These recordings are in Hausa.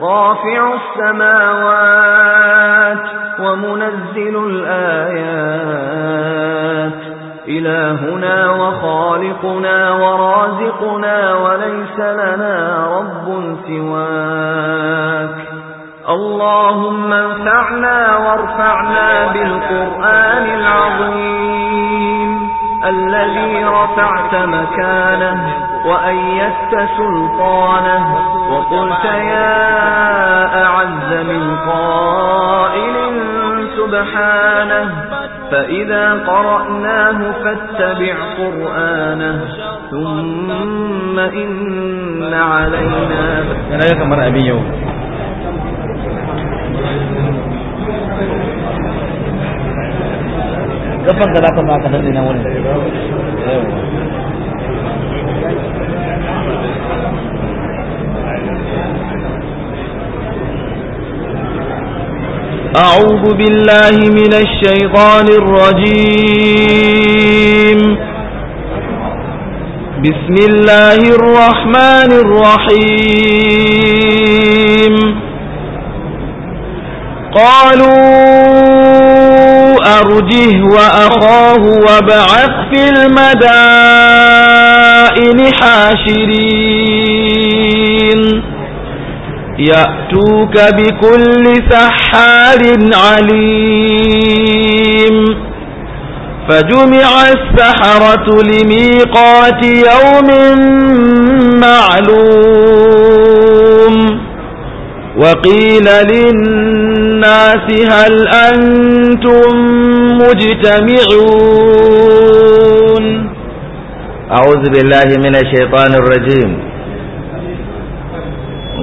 رافع السماوات ومنزل الآيات إلهنا وخالقنا ورازقنا وليس لنا رب سواك اللهم انفعنا وارفعنا بالقرآن العظيم الذي رفعت مكانه وأيدت سلطانه وقلت يا أعز من قائل سبحانه فإذا قرأناه فاتبع قرآنه ثم إن علينا أنا يتمر أبي يوم أعوذ بالله من الشيطان الرجيم بسم الله الرحمن الرحيم قالوا أرجه وأخاه وبعث في المدائن حاشرين يأتوك بكل سحار عليم فجمع السحرة لميقات يوم معلوم وقيل للناس هل أنتم مجتمعون أعوذ بالله من الشيطان الرجيم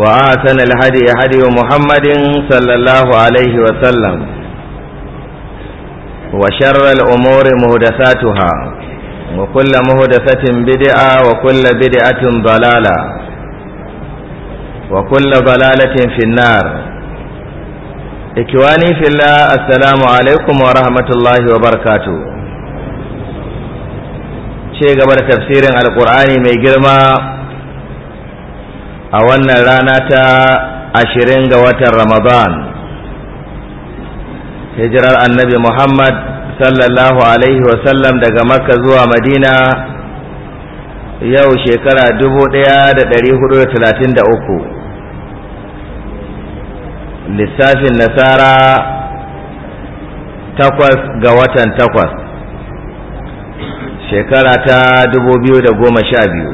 وآتن الهدي هدي محمد صلى الله عليه وسلم وشر الأمور مهدساتها وكل مهدسة بدعة وكل بدعة ضلالة وكل ضلالة في النار إكواني في الله السلام عليكم ورحمة الله وبركاته شيء قبل تفسير القرآن ميجرما a wannan rana ta ashirin ga watan ramadan hijirar annabi muhammad sallallahu alaihi wasallam daga makka zuwa madina yau shekara dubu ɗaya da ɗari hudu da talatin da uku lissafin nasara takwas ga watan takwas shekara ta dubu goma sha biyu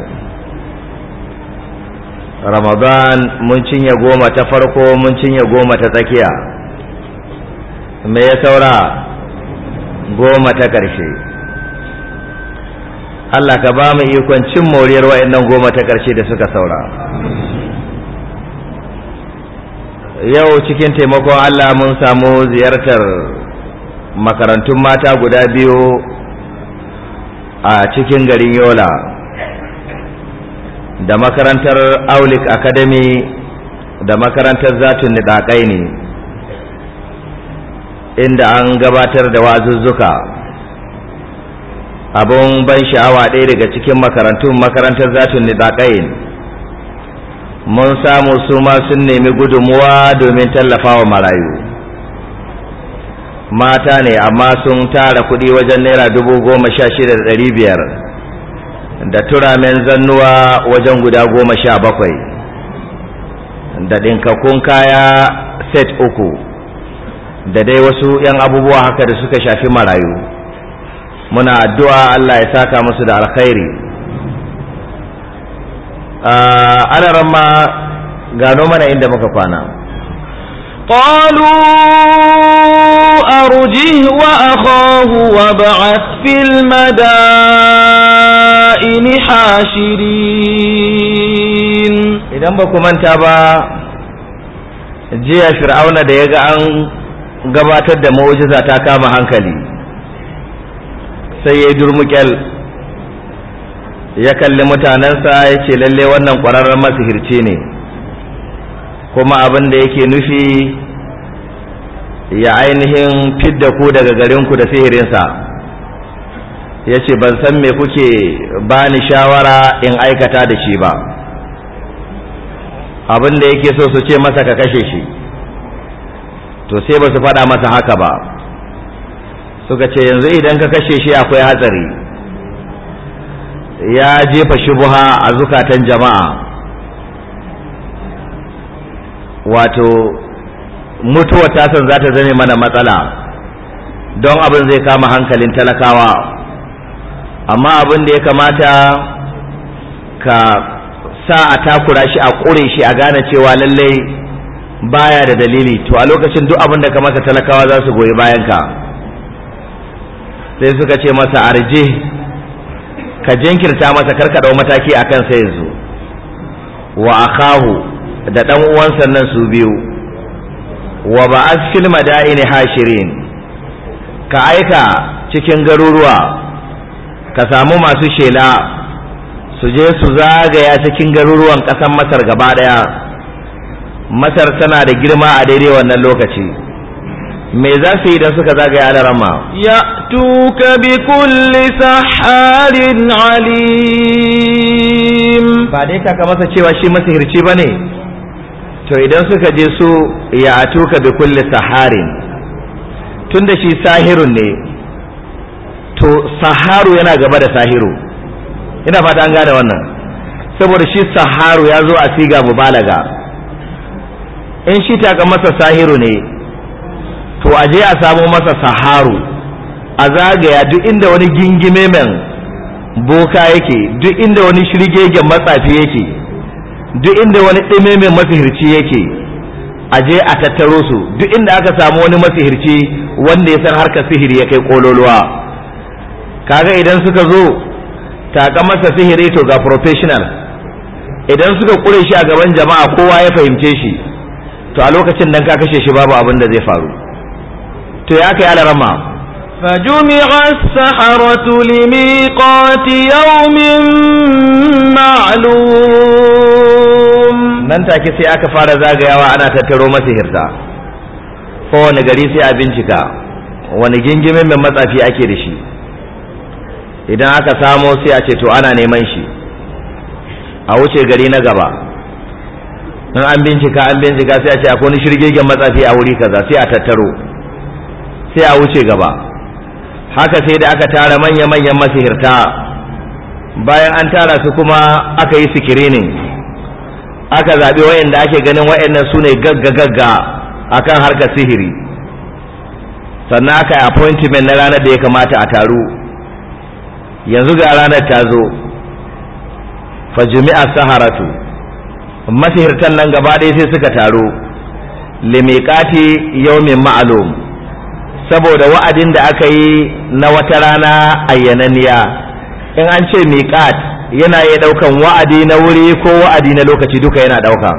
ramadan mun cinye goma ta farko mun cinye goma ta tsakiya me ya saura goma ta ƙarshe Allah ka ba mu ikon cin moriyar wa'annan goma ta ƙarshe da suka saura yau cikin taimakon Allah mun samu ziyartar makarantun mata guda biyu a cikin garin yola da makarantar aulik academy da makarantar zatun nidaƙai ne inda an gabatar da wazuzzuka abun ban sha'awa ɗaya daga cikin makarantun makarantar zatun nidaƙai mun samu su ma sun nemi gudunmuwa domin tallafawa marayu mata ne amma sun tara kuɗi wajen naira dubu goma sha shida da ɗari biyar da turamen zannuwa wajen guda goma sha bakwai da ɗinkakkun kaya set uku da dai wasu 'yan abubuwa haka da suka shafi marayu muna addu'a Allah ya saka musu da alkhairi ana ramma gano mana inda muka kwana قالوا أرجه وأخاه وابعث في المدائن حاشرين إذا بكم أنت أبا jiya fir'auna da ya ga an gabatar da mu'jiza ta kama hankali sai ya durmukel ya kalli mutanensa ya ce lalle wannan ƙwararren masihirci ne kuma abin da yake nufi ya ainihin fidda ku daga garinku da sihirinsa ya ce ban san me kuke bani shawara in aikata da shi ba abin da yake so su ce masa ka kashe shi to sai ba su faɗa masa haka ba suka ce yanzu idan ka kashe shi akwai hatsari ya jefa shubuha a zukatan jama'a wato mutuwar tasan za ta zame mana matsala don abin zai kama hankalin talakawa amma abin da ya kamata ka sa a takura shi a ƙure shi a gane cewa lallai baya da dalili to a lokacin duk abin da ka masa talakawa za su goyi bayanka sai suka ce masa arje ka jinkirta masa karka ɗau mataki a kan sai yanzu wa akahu da ɗan uwansa nan su biyu wa ba'ath fil madaini hashirin ka aika cikin garuruwa ka samu masu shela su je su zagaya cikin garuruwan ƙasar masar gaba ɗaya masar tana da girma a daidai wannan lokaci me za su yi da suka zagaya da rama ya tuka bi kulli saharin alim ba dai ka masa cewa shi masihirci ba ne to idan suka je su ya atuka bi kulli saharin tunda shi sahirun ne to saharu yana gaba da sahiru ina fata an gane wannan saboda shi saharu ya zo a siga mu balaga. in shi taka masa sahiru ne to a je a samo masa saharu a zagaya duk inda wani gingime men boka yake duk inda wani shirgegen matsafi yake duk inda wani ɗime mai mafihirci yake a je a tattaro su duk inda aka samu wani mafihirci wanda ya san harkar sihiri ya kai kololuwa kaga idan suka zo taka masa sihiri to ga professional idan suka kure shi a gaban jama'a kowa ya fahimce shi to a lokacin dan ka kashe shi babu abin da zai faru to ya kai alarama فجمع السحرة لميقات يوم معلوم nan take sai aka fara zagayawa ana tattaro masihirta kowane gari sai a bincika wani gingimin mai matsafi ake da shi idan aka samo sai a ce to ana neman shi a wuce gari na gaba in an bincika an bincika sai a ce akwai wani shirgegen matsafi a wuri kaza sai a tattaro sai a wuce gaba haka sai da aka tara manya-manyan masihirta bayan an tara su kuma aka yi sikirinin aka zaɓi wayanda ake ganin wayannan su ne gagga gagga akan harkar sihiri sannan aka yi appointment na ranar da ya kamata a taru yanzu ga ranar ta zo fa jumi'a saharatu masihirtan nan gaba ɗaya sai suka taro yau yawmin ma'lum saboda wa'adin da aka yi na wata rana ayyananniya in an ce miqat yana iya daukan wa'adi na wuri ko wa'adi na lokaci duka yana dauka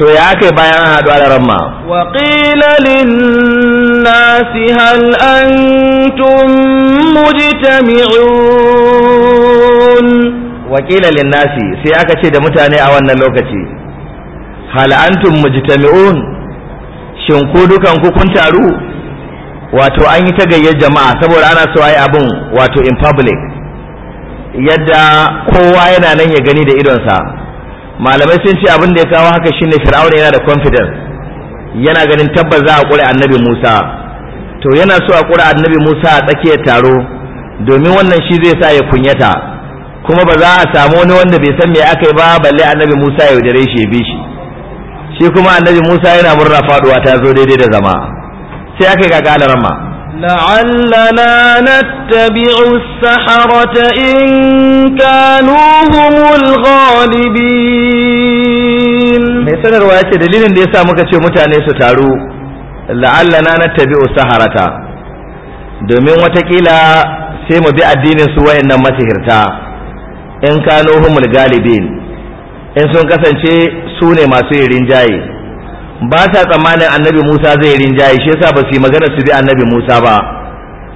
to ya aka bayan an haɗu a ramma wa qila lin nasi hal antum mujtami'un wa qila lin nasi sai aka ce da mutane a wannan lokaci hal antum mujtami'un shin ku dukan ku kun taru wato an yi ta gayyar jama'a saboda ana so yi abun wato in public yadda kowa yana nan ya gani da idonsa malamai sun ce abin da ya kawo haka shine fir'auna yana da confidence yana ganin tabbas za a ƙure annabi musa to yana so a kuri annabi musa a tsakiyar taro domin wannan shi zai sa ya kunyata kuma ba za a samu wani wanda bai san me aka yi ba balle annabi musa ya yaudare shi ya bi shi shi kuma annabi musa yana murna faduwa ta zo daidai da zama sai aka yi gagalar ma. لعلنا نتبع السحرة إن كانوا هم الغالبين mai sanarwa ya ce dalilin da ya sa muka ce mutane su taru la'allana na tabi'u saharata domin watakila sai mu bi addinin su wayannan masihirta in kano humul galibin in sun kasance su ne masu yin rinjaye ba sa tsammanin annabi Musa zai rinjaye shi yasa ba su yi magana su bi annabi Musa ba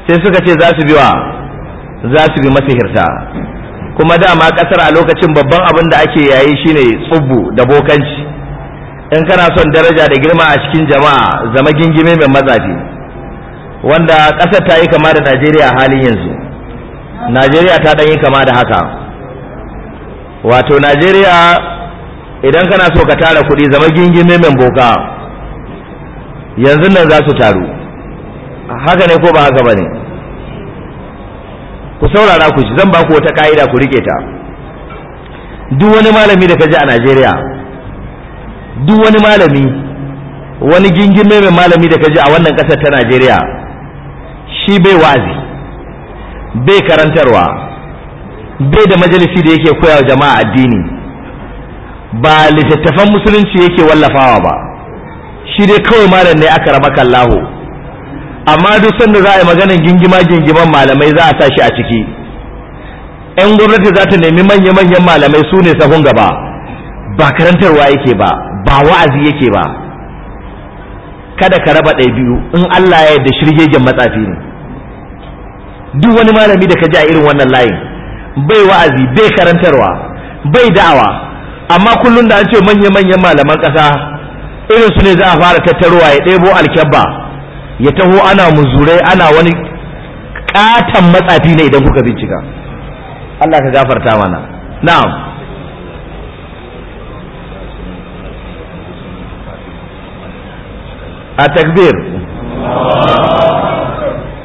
sai suka ce za su bi wa za su bi masihirta kuma dama kasar a lokacin babban abin da ake yayi shine tsubbu da bokanci in kana son daraja da girma a cikin jama'a zama gingime mai mazafi wanda kasar ta yi kama da Najeriya halin yanzu Najeriya ta dan yi kama da haka wato Najeriya idan kana so ka tara kuɗi zama gingime mai boka yanzu nan za su taru haka ne ko ba haka ba ne ku saurara ku zan ba ku wata ka'ida ku rike ta duk wani malami da ka ji a najeriya duk wani malami wani gingime mai malami da ka ji a wannan ƙasar ta najeriya shi bai wazi bai karantarwa bai da majalisi da yake koya wa jama'a addini ba littattafan musulunci yake wallafawa ba shi dai kawai malam ne aka raba kallahu amma duk sanda za a yi maganar gingima gingiman malamai za a sa shi a ciki yan gwamnati za ta nemi manya-manyan malamai su ne sahun gaba ba karantarwa yake ba ba wa'azi yake ba kada ka raba ɗaya biyu in Allah ya yarda shirgegen matsafi ne duk wani malami da ka ji a irin wannan layin bai wa'azi bai karantarwa bai da'awa amma kullum da an ce manya-manyan malaman ƙasa irin su ne za a fara tattarwa ya ɗebo alkyabba ya taho ana muzurai ana wani ƙaton matsafi ne idan kuka bincika Allah ka gafarta mana na'am a takbir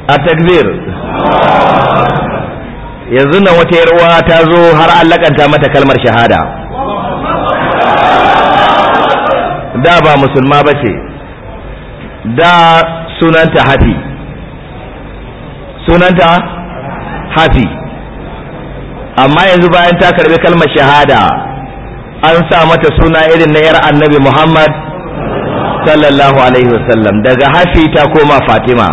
a takbir yanzu nan wata yarwa ta zo har an lakanta mata kalmar shahada da ba musulma ba ce da sunanta hafi sunanta hafi amma yanzu bayan ta karbi kalmar shahada an sa mata suna irin na yar annabi muhammad sallallahu alaihi wasallam daga hafi ta koma fatima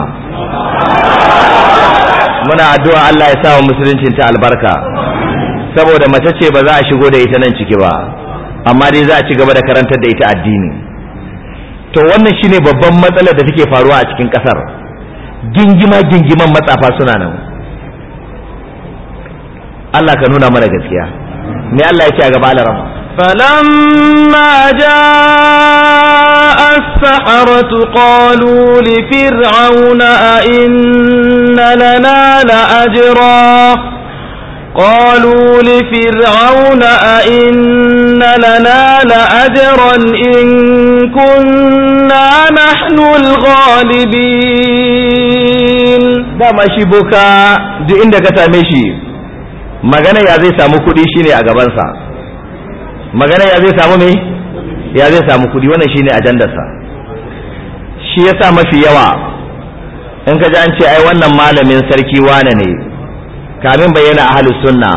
muna addu'a allah ya sa wa musuluncin ta albarka saboda mace ce ba za a shigo da ita nan ciki ba amma dai za a ci gaba da karantar da ita addini to wannan shine babban matsalar da take faruwa a cikin kasar gingima gingiman matsafa suna nan Allah ka nuna mana gaskiya me Allah ya ce a gaba alarama فلما جاء السحرة قالوا لفرعون أئن لنا لأجرا قالوا لفرعون أئن لنا لأجرا إن كنا نحن الغالبين dama shi boka duk inda ka same shi magana ya zai samu kuɗi shine a gabansa magana ya zai samu me ya zai samu kuɗi wannan shine ajandarsa shi yasa mafi yawa in ka ji an ce ai wannan malamin sarki wane ne kamin bayyana ahlus sunna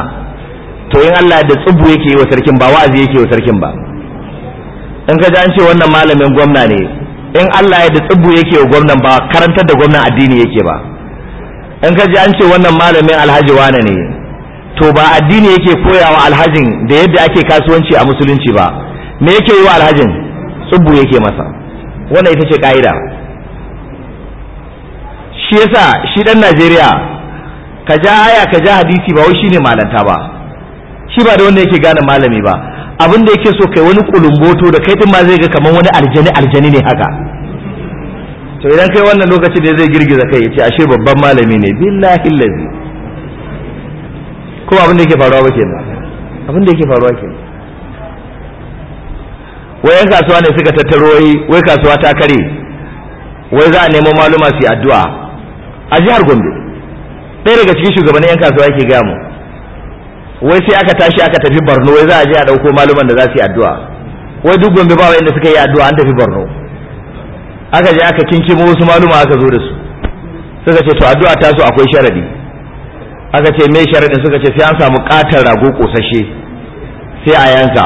to in Allah da tsubu yake yi wa sarkin ba wa'azi yake yi wa sarkin ba in ka an ce wannan malamin gwamna ne in Allah ya da tsubu yake wa gwamnan ba karantar da gwamnan addini yake ba in ka an ce wannan malamin alhaji wane ne to ba addini yake koyawa alhajin da yadda ake kasuwanci a musulunci ba me yake yi wa alhajin tsubu yake masa wannan ita ce ka'ida shi yasa shi dan Najeriya ka ja aya ka ja hadisi ba wai shine malanta ba shi ba da wanda yake gane malami ba abin da yake so kai wani kulumboto da kai din ma zai ga kaman wani aljani aljani ne haka to idan kai wannan lokaci da zai girgiza kai yace ashe babban malami ne billahi lazi kuma abin da yake faruwa ba kenan abin da yake faruwa kenan wai yan kasuwa ne suka tattaro wai kasuwa ta kare wai za a nemo maluma su yi addu'a a jihar Gombe ɗaya daga cikin shugabannin yan kasuwa yake gaya mu wai sai aka tashi aka tafi Borno wai za a je a ɗauko maluman da za su yi addu'a wai duk gombe ba wanda suka yi addu'a an tafi Borno aka je aka kinkimo wasu maluma aka zo da su suka ce to addu'a ta so akwai sharadi aka ce me sharadin suka ce sai an samu katar rago kosashe sai a yanka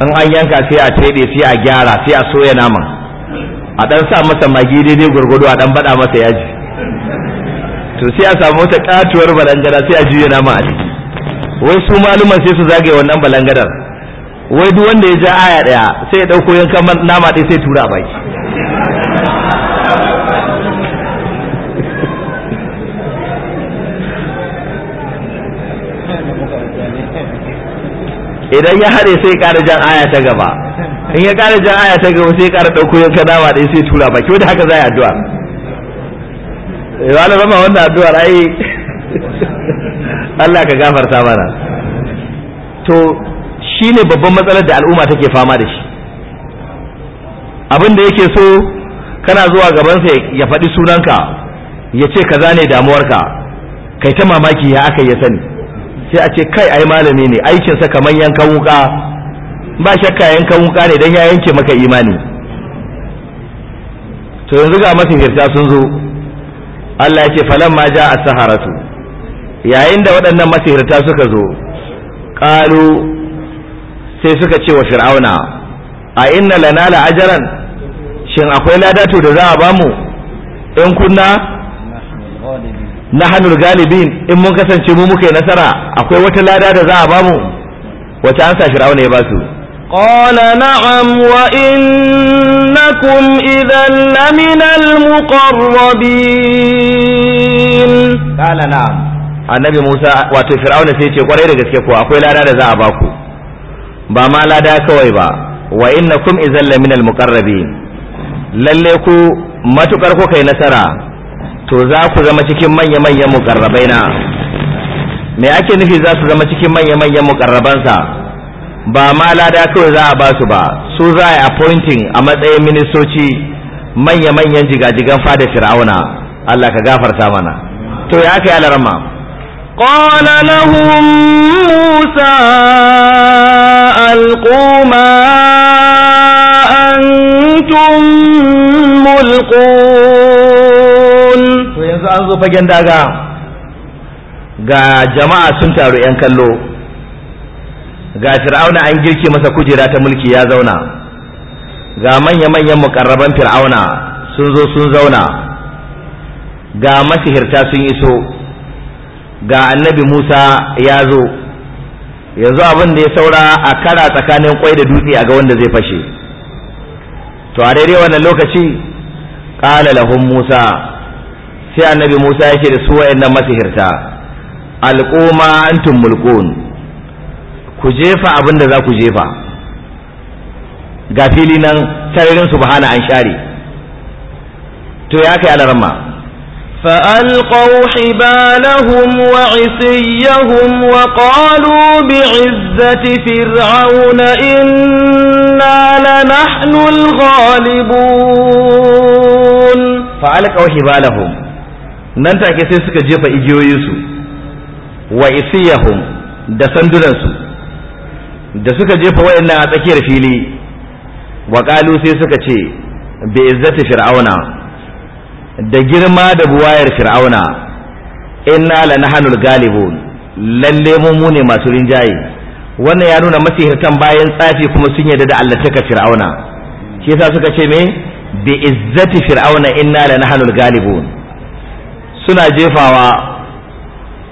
in an yanka sai a tebe sai a gyara sai a soya naman a dan sa masa magi daidai gwargwado a dan bada masa yaji to sai a samu wata katuwar balangara sai a juya nama a ciki wai su maluman sai su zagaye wannan balangadar wai duk wanda ya ja aya daya sai ya dauko yankan nama ɗaya sai tura baki idan ya haɗe sai ƙara jan aya ta gaba in ya ƙara jan aya ta gaba sai ƙara ɗauko yankan nama ɗaya sai tura baki wanda haka za a yi addu'a Eh, wani zama wannan addu'ar ai Allah ka gafarta mana to shi ne babban matsalar da al'umma take fama da shi abin da yake so kana zuwa gabansa ya faɗi sunanka ya ce kaza ne damuwarka kai ta mamaki ya aka ya sani sai a ce kai ai malami ne aikinsa kamar yankan wuka ba shakka yankan wuka ne don ya yanke maka imani to yanzu ga masin sun zo Allah ya ce ma ja as yayin da waɗannan masihirta suka zo qalu sai suka ce wa fir'auna a inna lana la ajran shin akwai ladato da za a bamu in kunna hannun galibin in mun kasance mu muka nasara akwai wata lada da za a bamu wace an sa fir'auna ya basu قال نعم وإنكم إذا لمن المقربين قال نعم annabi Musa wato Fir'auna sai ce kwarai da gaske ko akwai lada da za a baku ba ma lada kawai ba wa innakum idzal laminal muqarrabin lalle ku matukar ku kai nasara to za ku zama cikin manya manyan muqarrabaina me ake nufi za su zama cikin manya manyan muqarrabansa ba ma lada kawai za a ba su ba su za a appointing a matsayin ministoci manya-manyan jigajigan fada fir'auna Allah ka gafarta mana to ya kai alarma قال لهم Musa ألقوا ما أنتم to yanzu an zo fagen daga ga jama'a sun taru 'yan kallo ga fir'auna an girke masa kujera ta mulki ya zauna ga manya-manyan mukarraban fir'auna sun zo sun zauna ga masihirta sun iso ga annabi musa ya zo yanzu abin da ya saura a kara tsakanin kwai da dutse a ga wanda zai fashe to a daidai wannan lokaci ƙala lahum musa sai annabi musa yake da su wayannan masihirta alƙoma antum mulkun ku jefa abin da za ku jefa ga fili nan sararin subhana an share to ya kai alarma فألقوا حبالهم وعصيهم وقالوا بعزة فرعون إنا لنحن الغالبون فألقوا حبالهم nan take sai suka jefa igiyoyinsu wa isiyahum da sandunansu da suka jefa wayannan a tsakiyar fili wa sai suka ce bi izzati fir'auna da girma da buwayar fir'auna inna la nahanul galibun lalle mu mu ne masu rinjaye wannan ya nuna masihirtan bayan tsafi kuma sun yarda da allataka fir'auna shi yasa suka ce me bi izzati fir'auna inna la nahanul galibun suna jefawa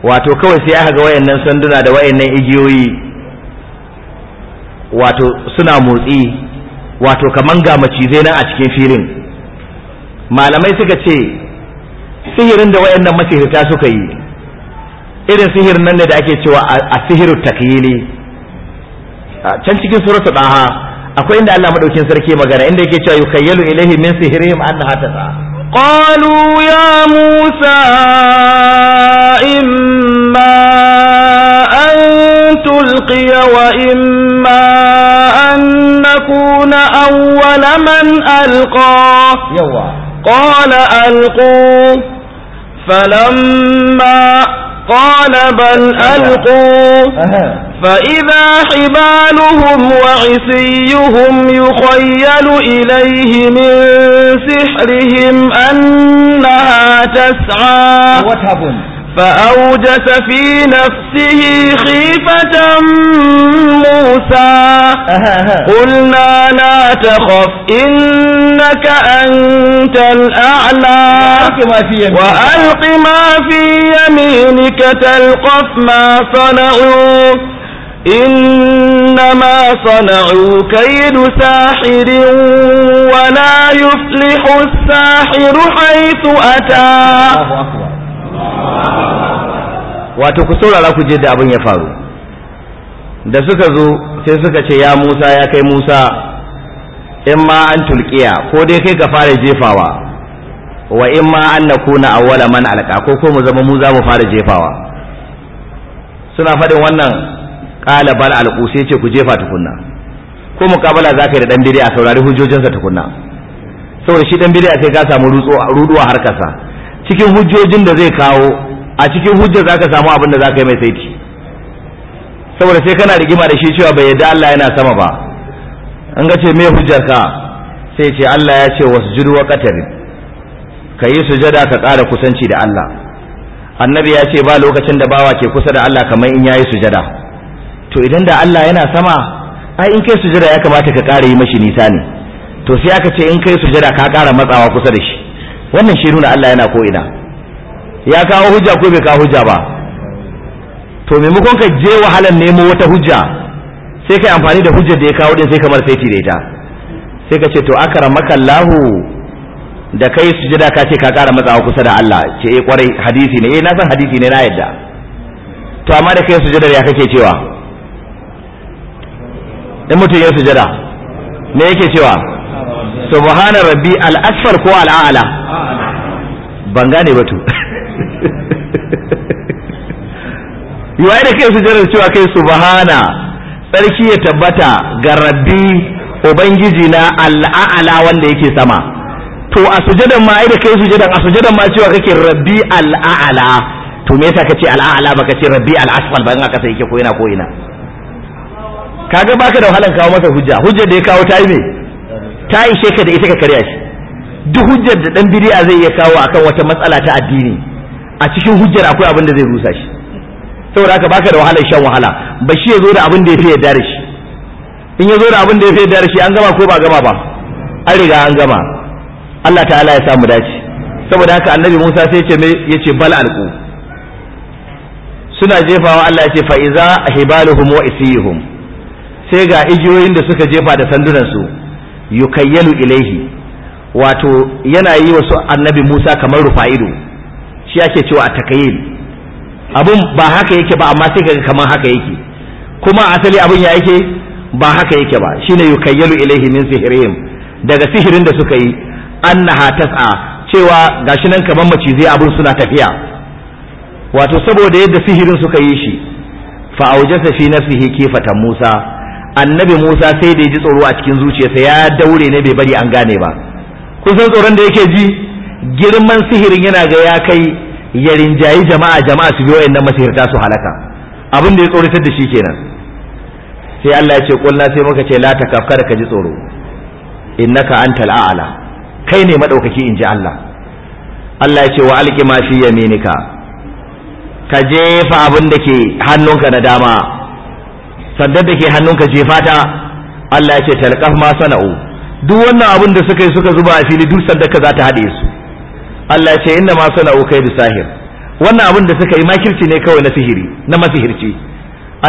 wato kawai sai aka ga wayannan sanduna da wayannan igiyoyi wato suna motsi wato kaman ga macizai na a cikin filin malamai suka ce sihirin da wayannan masihirta suka yi irin sihirin nan ne da ake cewa a sihiru takyili can cikin suratul tsaha akwai inda Allah madaukin sarki magana inda yake cewa yukayyalu ilaihi min sihirihim annaha tasa قالوا يا موسى إما أن تلقي وإما أن نكون أول من ألقى قال ألقوا فلما قال بل ألقوا فإذا حبالهم وعصيهم يخيل إليه من سحرهم أنها تسعى فأوجس في نفسه خيفة موسى قلنا لا تخف إنك أنت الأعلى وألق ما في يمينك تلقف ما صنعوا إنما صنعوا كيد ساحر ولا يفلح الساحر حيث أتى wato ku saurara ku je da abin ya faru da suka zo sai suka ce ya musa ya kai musa in ma an tulkiya ko dai kai ka fara jefawa wa in ma an na kuna awwala man alƙa ko ko mu zama mu za mu fara jefawa suna faɗin wannan ƙala bal alqu sai ce ku jefa tukunna ko muƙabala za ka yi da ɗan bidi a saurari hujjojinsa tukunna saboda shi ɗan bidi sai ka samu ruduwa harkarsa cikin hujjojin da zai kawo a cikin hujjar zaka samu abin da zaka yi mai saiti saboda sai kana rigima da shi cewa bai yadda Allah yana sama ba an ga ce me hujjar ka sai ce Allah ya ce wasjudu wa qatarin ka sujada ka ƙara kusanci da Allah annabi ya ce ba lokacin da bawa ke kusa da Allah kamar in yayi sujada to idan da Allah yana sama ai in kai sujada ya kamata ka ƙara yi mashi nisa ne to sai aka ce in kai sujada ka ƙara matsawa kusa da shi wannan shi nuna Allah yana ko ina ya kawo hujja ko bai kawo hujja ba to maimakon ka je wahalar nemo wata hujja sai kai amfani da hujjar da ya kawo din sai kamar sai da ita sai ka ce to akara makallahu da kai sujada ka ce ka kara matsawa kusa da Allah ce eh kwarai hadisi ne eh na san hadisi ne na yadda to amma da kai sujada ya kake cewa in mutum ya sujada me yake cewa subhana rabbi al-asfar ko al-a'la ban gane ba to yiwaye da kai sujjadar cewa kai subhana sarki ya tabbata ga rabbi ubangiji na al'a'ala wanda yake sama to a sujadan ma ai da kai sujadan a sujadan ma cewa kake rabbi al'a'ala to me yasa kace al'a'ala baka ce rabbi al'asfal ba in aka sai yake ko ina ko ina kaga baka da wahalan kawo masa hujja hujja da ya kawo ta yi me ta yi sheka da ita ka karya shi duk hujjar da dan bid'a zai iya kawo akan wata matsala ta addini a cikin hujjar akwai abin da zai rusa shi saboda haka baka da wahalar shan wahala ba shi ya zo da abin da ya fi yarda da shi in ya zo da abin da ya fi yarda da shi an gama ko ba gama ba an riga an gama Allah ta'ala ya samu dace saboda haka annabi Musa sai ce mai yace bal alqu suna jefawa Allah ya ce fa iza hibaluhum wa isihum sai ga igiyoyin da suka jefa da sandunan su yukayyalu ilaihi wato yana yi wasu annabi Musa kamar rufa'ido shi ake cewa a takayil abun ba haka yake ba amma sai kaga kamar haka yake kuma asali abun ya yake ba haka yake ba shine yukayyalu ilaihi min sihrihim daga sihirin da suka yi annaha tas'a cewa gashi nan kamar macizai abin suna tafiya wato saboda yadda sihirin suka yi shi fa aujasa fi nafsihi kifatan Musa annabi Musa sai da ya ji tsoro a cikin zuciyarsa ya daure ne bai bari an gane ba kusan tsoron da yake ji girman sihirin yana ga ya kai ya rinjayi jama'a jama'a su biyo wayannan masihirta su halaka abin da ya tsoratar da shi kenan sai Allah ya ce sai muka ce la takaf kada ka ji tsoro innaka antal a'la kai ne madaukaki inji Allah Allah ya ce wa alqima ya fi yaminika ka jefa abin da ke hannunka na dama Sandar da ke hannunka jefa ta Allah ya ce talqaf ma sana'u duk wannan abin da suka yi suka zuba a fili duk sandar ka za ta haɗe su Allah ya ce inna ma sana'u kai da sahir wannan abin da suka yi makirci ne kawai na sihiri na masihirci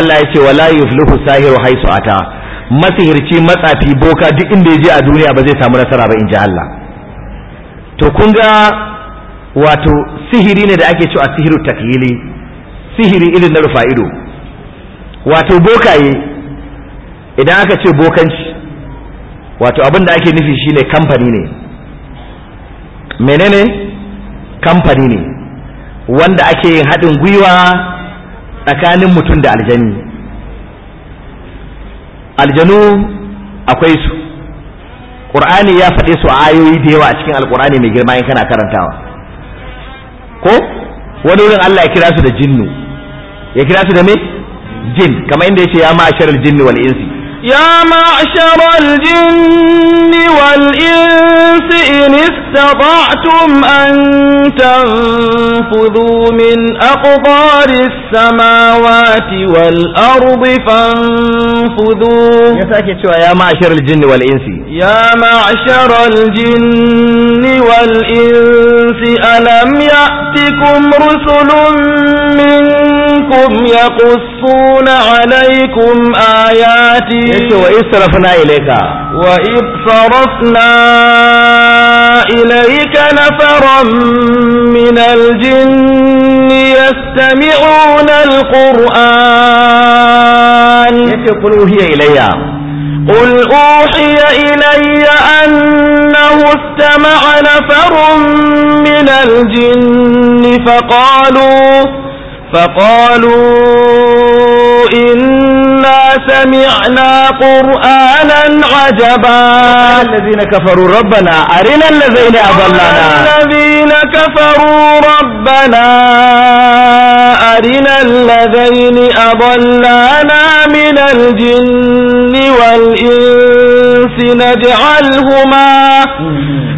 Allah ya ce wala yuflihu sahiru haisu ata masihirci matsafi boka duk inda ya je a duniya ba zai samu nasara ba in ji Allah to kun ga wato sihiri ne da ake cewa sihiru takyili sihiri irin na rufa ido wato bokaye idan aka ce bokanci wato abin da ake nufi shine kamfani ne menene kamfani ne wanda ake yin haɗin gwiwa tsakanin mutum da aljani aljanu akwai su ƙur'ani ya faɗe su a ayoyi da yawa a cikin alƙur'ani mai girma in kana karantawa ko wani wurin allah ya kira su da jinnu ya kira su da me jin kama inda yace ya ma'asharal jinni wal insi ya ma'asharal jinni wal insi in istata'tum an tanfudhu min aqdaris samawati wal ardi fanfudhu ya sake cewa ya ma'asharal jinni wal insi ya ma'asharal jinni wal insi alam ya'tikum rusulun min منكم يقصون عليكم آياتي وإذ صرفنا إليك وإذ صرفنا إليك نفرا من الجن يستمعون القرآن قل أوحي إلي قل أوحي إلي أنه استمع نفر من الجن فقالوا فقالوا إنا سمعنا قرآنا عجبا الذين كفروا ربنا أرنا الذين أضلنا الذين كفروا ربنا أرنا الذين أضلنا من الجن والإنس نجعلهما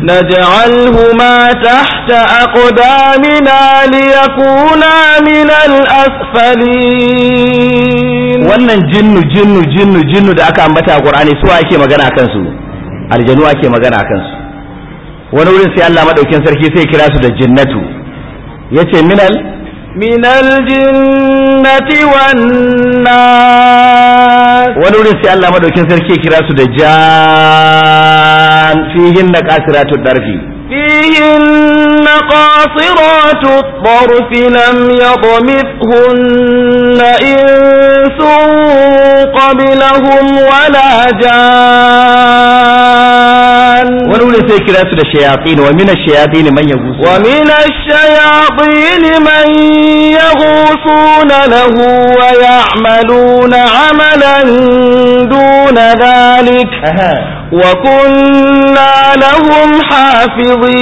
نجعلهما تحت أقدامنا ليكونا من الأسفلين wannan jinnu jinnu jinnu jinnu da aka ambata a Qur'ani su ake magana kan su aljanu ake magana kan su wani wurin sai Allah madaukin sarki sai kira su da jinnatu yace minal minal jinnati wan wani wurin sai Allah madaukin sarki ya kira su da jan fihin na kasiratu darfi fihin na kasiratu darfi lam yadmithun insun qabilahum wala jan wani wurin sai kira su da shayatin wa min ash-shayatin man yaghus wa min ash-shayatin man yaghusuna lahu wa ya'maluna amalan duna dhalik wa kunna lahum hafizin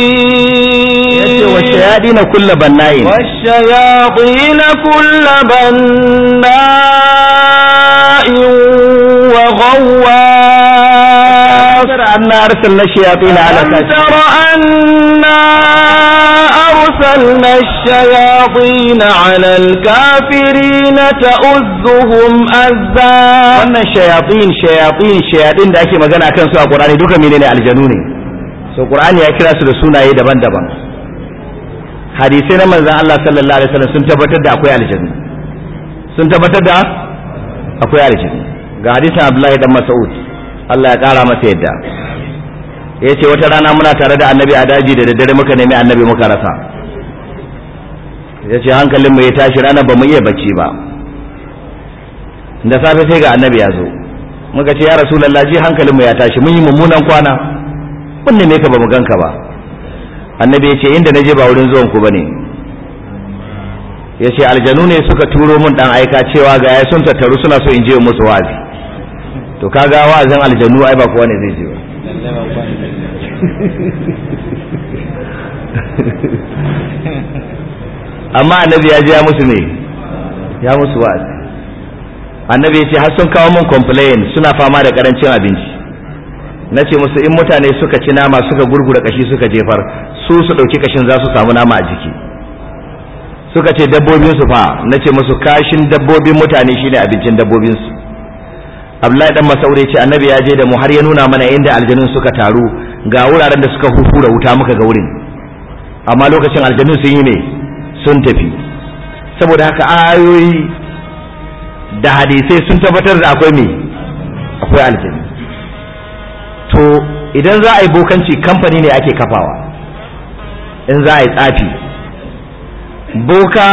wa shayatin kullu banna'in wa shayatin kullu banna'in wa ghawwa أنا أرسلنا الشياطين على كافرين ترى أنا أرسلنا الشياطين على الكافرين تؤذهم أذى wannan shayatin shayatin shayatin da ake magana akan su a Qur'ani duka menene aljanu ne so Qur'ani ya kira su da sunaye daban-daban hadisai na manzon Allah sallallahu alaihi wasallam sun tabbatar da akwai aljanu sun tabbatar da akwai aljanu ga hadisin Abdullahi dan Mas'ud Allah ya kara masa yadda ya ce wata rana muna tare da annabi a daji da daddare muka nemi annabi muka rasa ya ce mu ya tashi ranar ba mu iya bacci ba da safe sai ga annabi ya zo muka ce ya rasu ji hankalinmu ya tashi mun yi mummunan kwana mun neme ka ba mu ganka ba annabi ya ce inda na je ba wurin zuwan ku bane ya ce aljanu ne suka turo mun dan aika cewa ga ya sun tattaru suna so in je musu wazi to kaga wa'azin aljanu ai ba kowa ne zai je ba amma annabi ya ji ya musu ne ya musu wa'azi annabi ya ce har sun kawo min complain suna fama da karancin abinci na ce musu in mutane suka ci nama suka gurgura kashi suka jefar su su ɗauki kashin za su samu nama a jiki suka ce dabbobinsu fa na ce musu kashin dabbobin mutane shine abincin dabbobinsu abdullahi dan masaure ce annabi ya je da mu har ya nuna mana inda aljanun suka taru ga wuraren da suka hukura wuta muka ga wurin amma lokacin aljanun sun yi ne sun tafi saboda haka ayoyi da hadisai sun tabbatar da akwai me akwai aljanu to idan za a yi bokanci kamfani ne ake kafawa in za a yi tsafi boka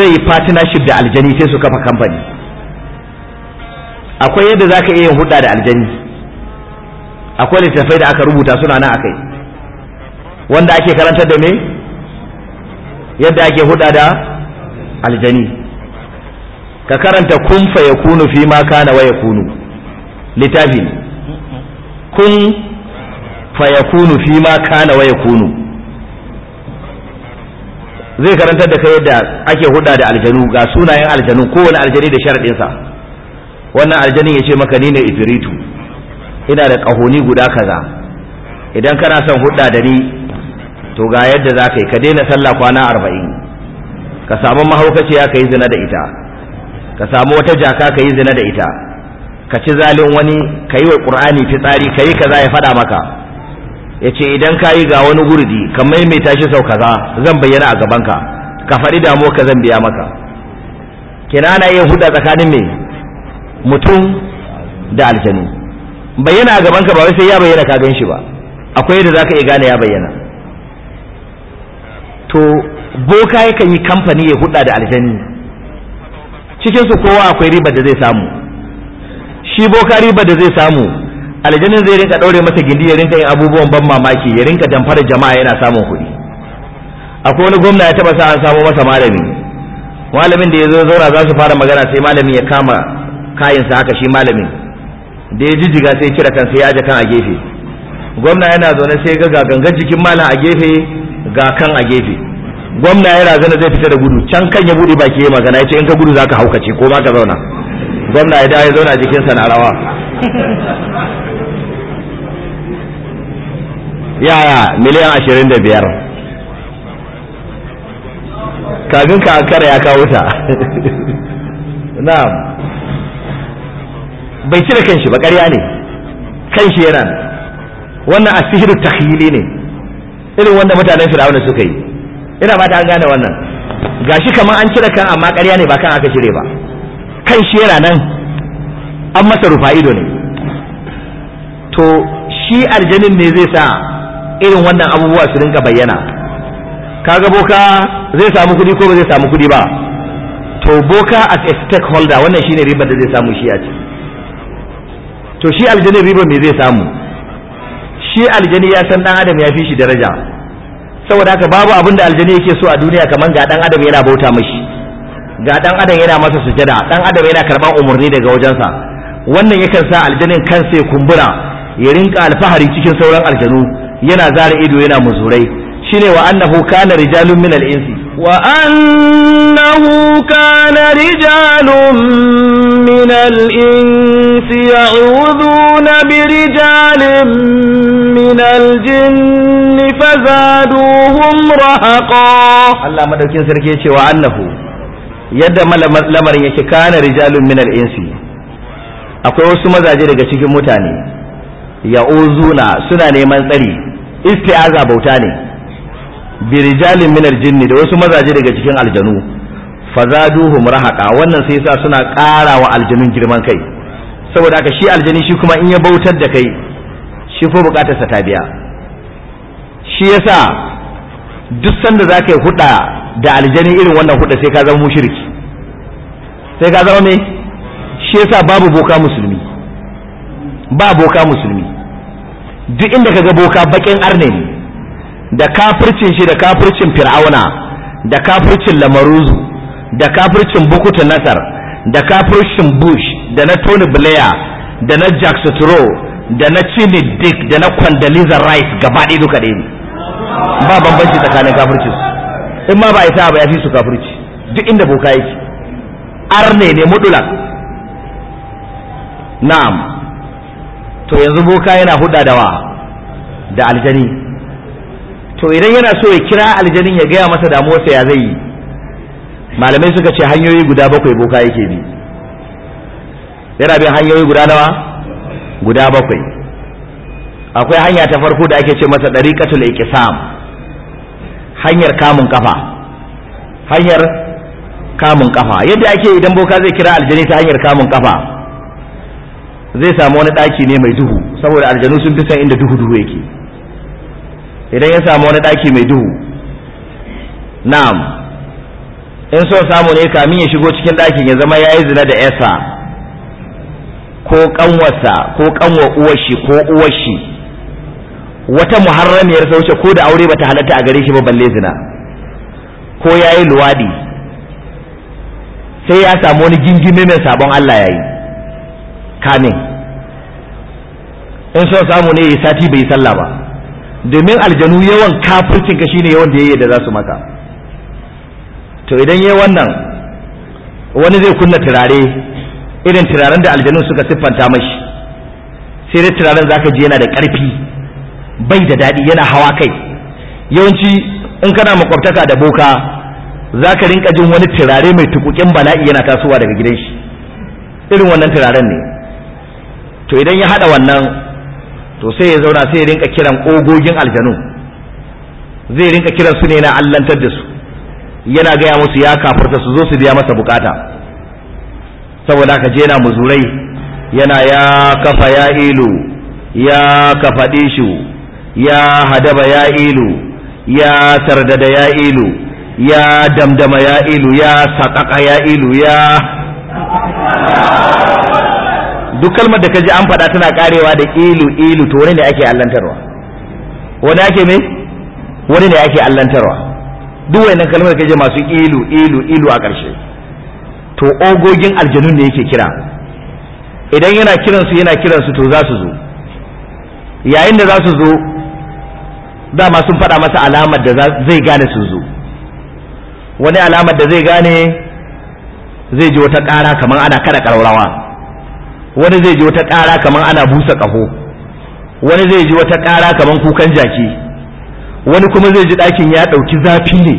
zai yi partnership da aljani sai su kafa kamfani akwai yadda za ka iya yin hudda da aljani akwai littattafai da aka rubuta suna nan akai wanda ake karantar da me yadda ake hudda da aljani ka karanta kun fa ya kunu fi ma kana wa ya kunu littafi kun fa ya kunu fi ma kana wa ya kunu zai karantar da kai yadda ake hudda da aljanu ga sunayen aljanu kowane aljani da sharaɗinsa wannan aljanin ya ce maka ni ne ifiritu ina da ƙahoni guda kaza idan kana son hudda da ni to ga yadda za ka yi ka daina sallah kwana arba'in ka samu mahaukaciya ka yi zina da ita ka samu wata jaka ka yi zina da ita ka ci zalin wani ka yi wa ƙur'ani fitsari ka yi kaza ya faɗa maka ya ce idan ka yi ga wani gurdi ka maimaita shi sau kaza zan bayyana a gabanka ka faɗi damuwa ka zan biya maka kina ana yin hudda tsakanin me mutum da aljanu bayyana a gabanka ba sai ya bayyana ka gan shi ba akwai yadda ka iya gane ya bayyana to boka kan yi kamfani ya hudda da aljani cikin su kowa akwai ribar da zai samu shi boka ribar da zai samu aljanin zai rinka daure masa gindi ya rinka yin abubuwan ban mamaki ya rinka damfara jama'a yana samun kuɗi akwai wani gwamna ya taba sa an samu masa malami malamin da ya zo zaura za su fara magana sai malamin ya kama kayinsa haka shi malamin da ya jijjiga sai cire kansa ya aje kan a gefe gwamna yana zaune sai ga ga gangan jikin malam a gefe ga kan a gefe gwamna ya zaune zai fita da gudu can kan ya bude baki ya magana ya ce in ka gudu zaka haukace ko ma ka zauna gwamna ya dawo ya zauna jikinsa na rawa yaya miliyan ashirin da biyar kafin ka kare ya kawo ta na'am bai cire kanshi ba ƙarya ne kanshi yana wannan a asihiru takhili ne irin wanda mutanen fir'auna suka yi ina ba ta an gane wannan gashi kamar an cire kan amma ƙarya ne ba kan aka cire ba kanshi yana nan an masa rufa ido ne to shi aljanin ne zai sa irin wannan abubuwa su rinka bayyana kaga boka zai samu kuɗi ko ba zai samu kudi ba to boka as a stakeholder wannan shine ribar da zai samu shi a ciki to shi aljanin riba me zai samu shi aljani ya san dan adam ya fi shi daraja saboda haka babu abin da aljani yake so a duniya kamar ga dan adam yana bauta mashi ga dan adam yana masa sujada dan adam yana karban umarni daga wajensa wannan yakan sa aljanin kansa ya kumbura ya rinka alfahari cikin sauran aljanu yana zara ido yana muzurai shine wa annahu kana rijalun min al-insi وأنه كان رجال من الإنس يعوذون برجال من الجن فزادوهم رهقا الله ما دوكين سركي يشي وأنه yadda lamarin yake kana rijalun min al-insi akwai wasu mazaje daga cikin mutane ya'uzuna suna neman tsari isti'aza bauta ne birijalin minar jinni da wasu mazaje daga cikin aljanu fazaduhum rahaqa wannan sai yasa suna ƙara wa aljanun girman kai saboda haka shi aljani shi kuma in ya bautar da kai shi ko bukatarsa ta biya shi yasa duk sanda za ka yi huda da aljani irin wannan huda sai ka zama mushriki sai ka zama me shi yasa babu boka musulmi ba boka musulmi duk inda ka ga boka bakin arne ne da kafircin shi da kafircin fir'auna da kafircin lamaruzu da kafircin bukutu nasar da kafircin bush da na tony blair da na jack sutro da na chini dick da na kwandaliza rice gaba ɗaya duka ɗaya ne ba bambanci tsakanin kafircin su in ma ba isa ba ya fi su kafirci duk inda boka yake arne ne mudula na'am to yanzu boka yana huda da wa da aljani to idan yana so ya kira aljanin ya gaya masa damuwarsa ya zai yi malamai suka ce hanyoyi guda bakwai boka yake bi yana bin hanyoyi guda nawa guda bakwai akwai hanya ta farko da ake ce masa ɗariƙatul iqsam hanyar kamun kafa hanyar kamun kafa yadda ake idan boka zai kira aljani ta hanyar kamun kafa zai samu wani ɗaki ne mai duhu saboda aljanu sun fi san inda duhu duhu yake idan ya samu wani ɗaki mai duhu na'am in so samu ne kamin ya shigo cikin ɗakin ya zama ya yi zina da yasa ko ƙanwarsa ko ƙanwa uwashi ko uwashi wata muharramiyar sa wuce ko da aure bata halatta a gare shi ba balle zina ko ya yi luwadi sai ya samu wani gingime mai sabon Allah ya yi kamin in so samu ne ya sati bai yi sallah ba domin aljanu yawan kafircin ka shine yawan da yayi da za maka to idan yayi wannan wani zai kunna turare irin turaren da aljanu suka siffanta mashi sai dai turaren zaka ji yana da ƙarfi bai da daɗi yana hawa kai yawanci in kana makwabtaka da boka zaka rinka jin wani turare mai tukukin bala'i yana tasowa daga gidan shi irin wannan turaren ne to idan ya hada wannan to sai ya zauna sai ya rinka kiran ogogin aljanu zai rinka kiran su ne na allantar da su yana gaya musu ya kafarta su zo su biya masa bukata saboda haka je yana muzurai yana ya kafa ya ilu ya kafa dishu ya hadaba ya ilu ya sardada ya ilu ya damdama ya ilu ya saƙaƙa ya ilu ya duk kalmar da kaji an faɗa tana karewa da ilu ilu to wani ne ake allantarwa wani ake me wani ne ake allantarwa duk wani kalmar da kaji masu ilu ilu ilu a ƙarshe to ogogin aljanun ne yake kira idan yana kiransu yana kiransu to za su zo yayin da za su zo dama sun faɗa masa alamar da zai gane su zo wani alamar da zai gane zai ji wata ƙara kamar ana kada ƙararrawa wani zai ji wata ƙara kaman ana busa ƙaho wani zai ji wata ƙara kaman kukan jaki wani kuma zai ji ɗakin ya ɗauki zafi ne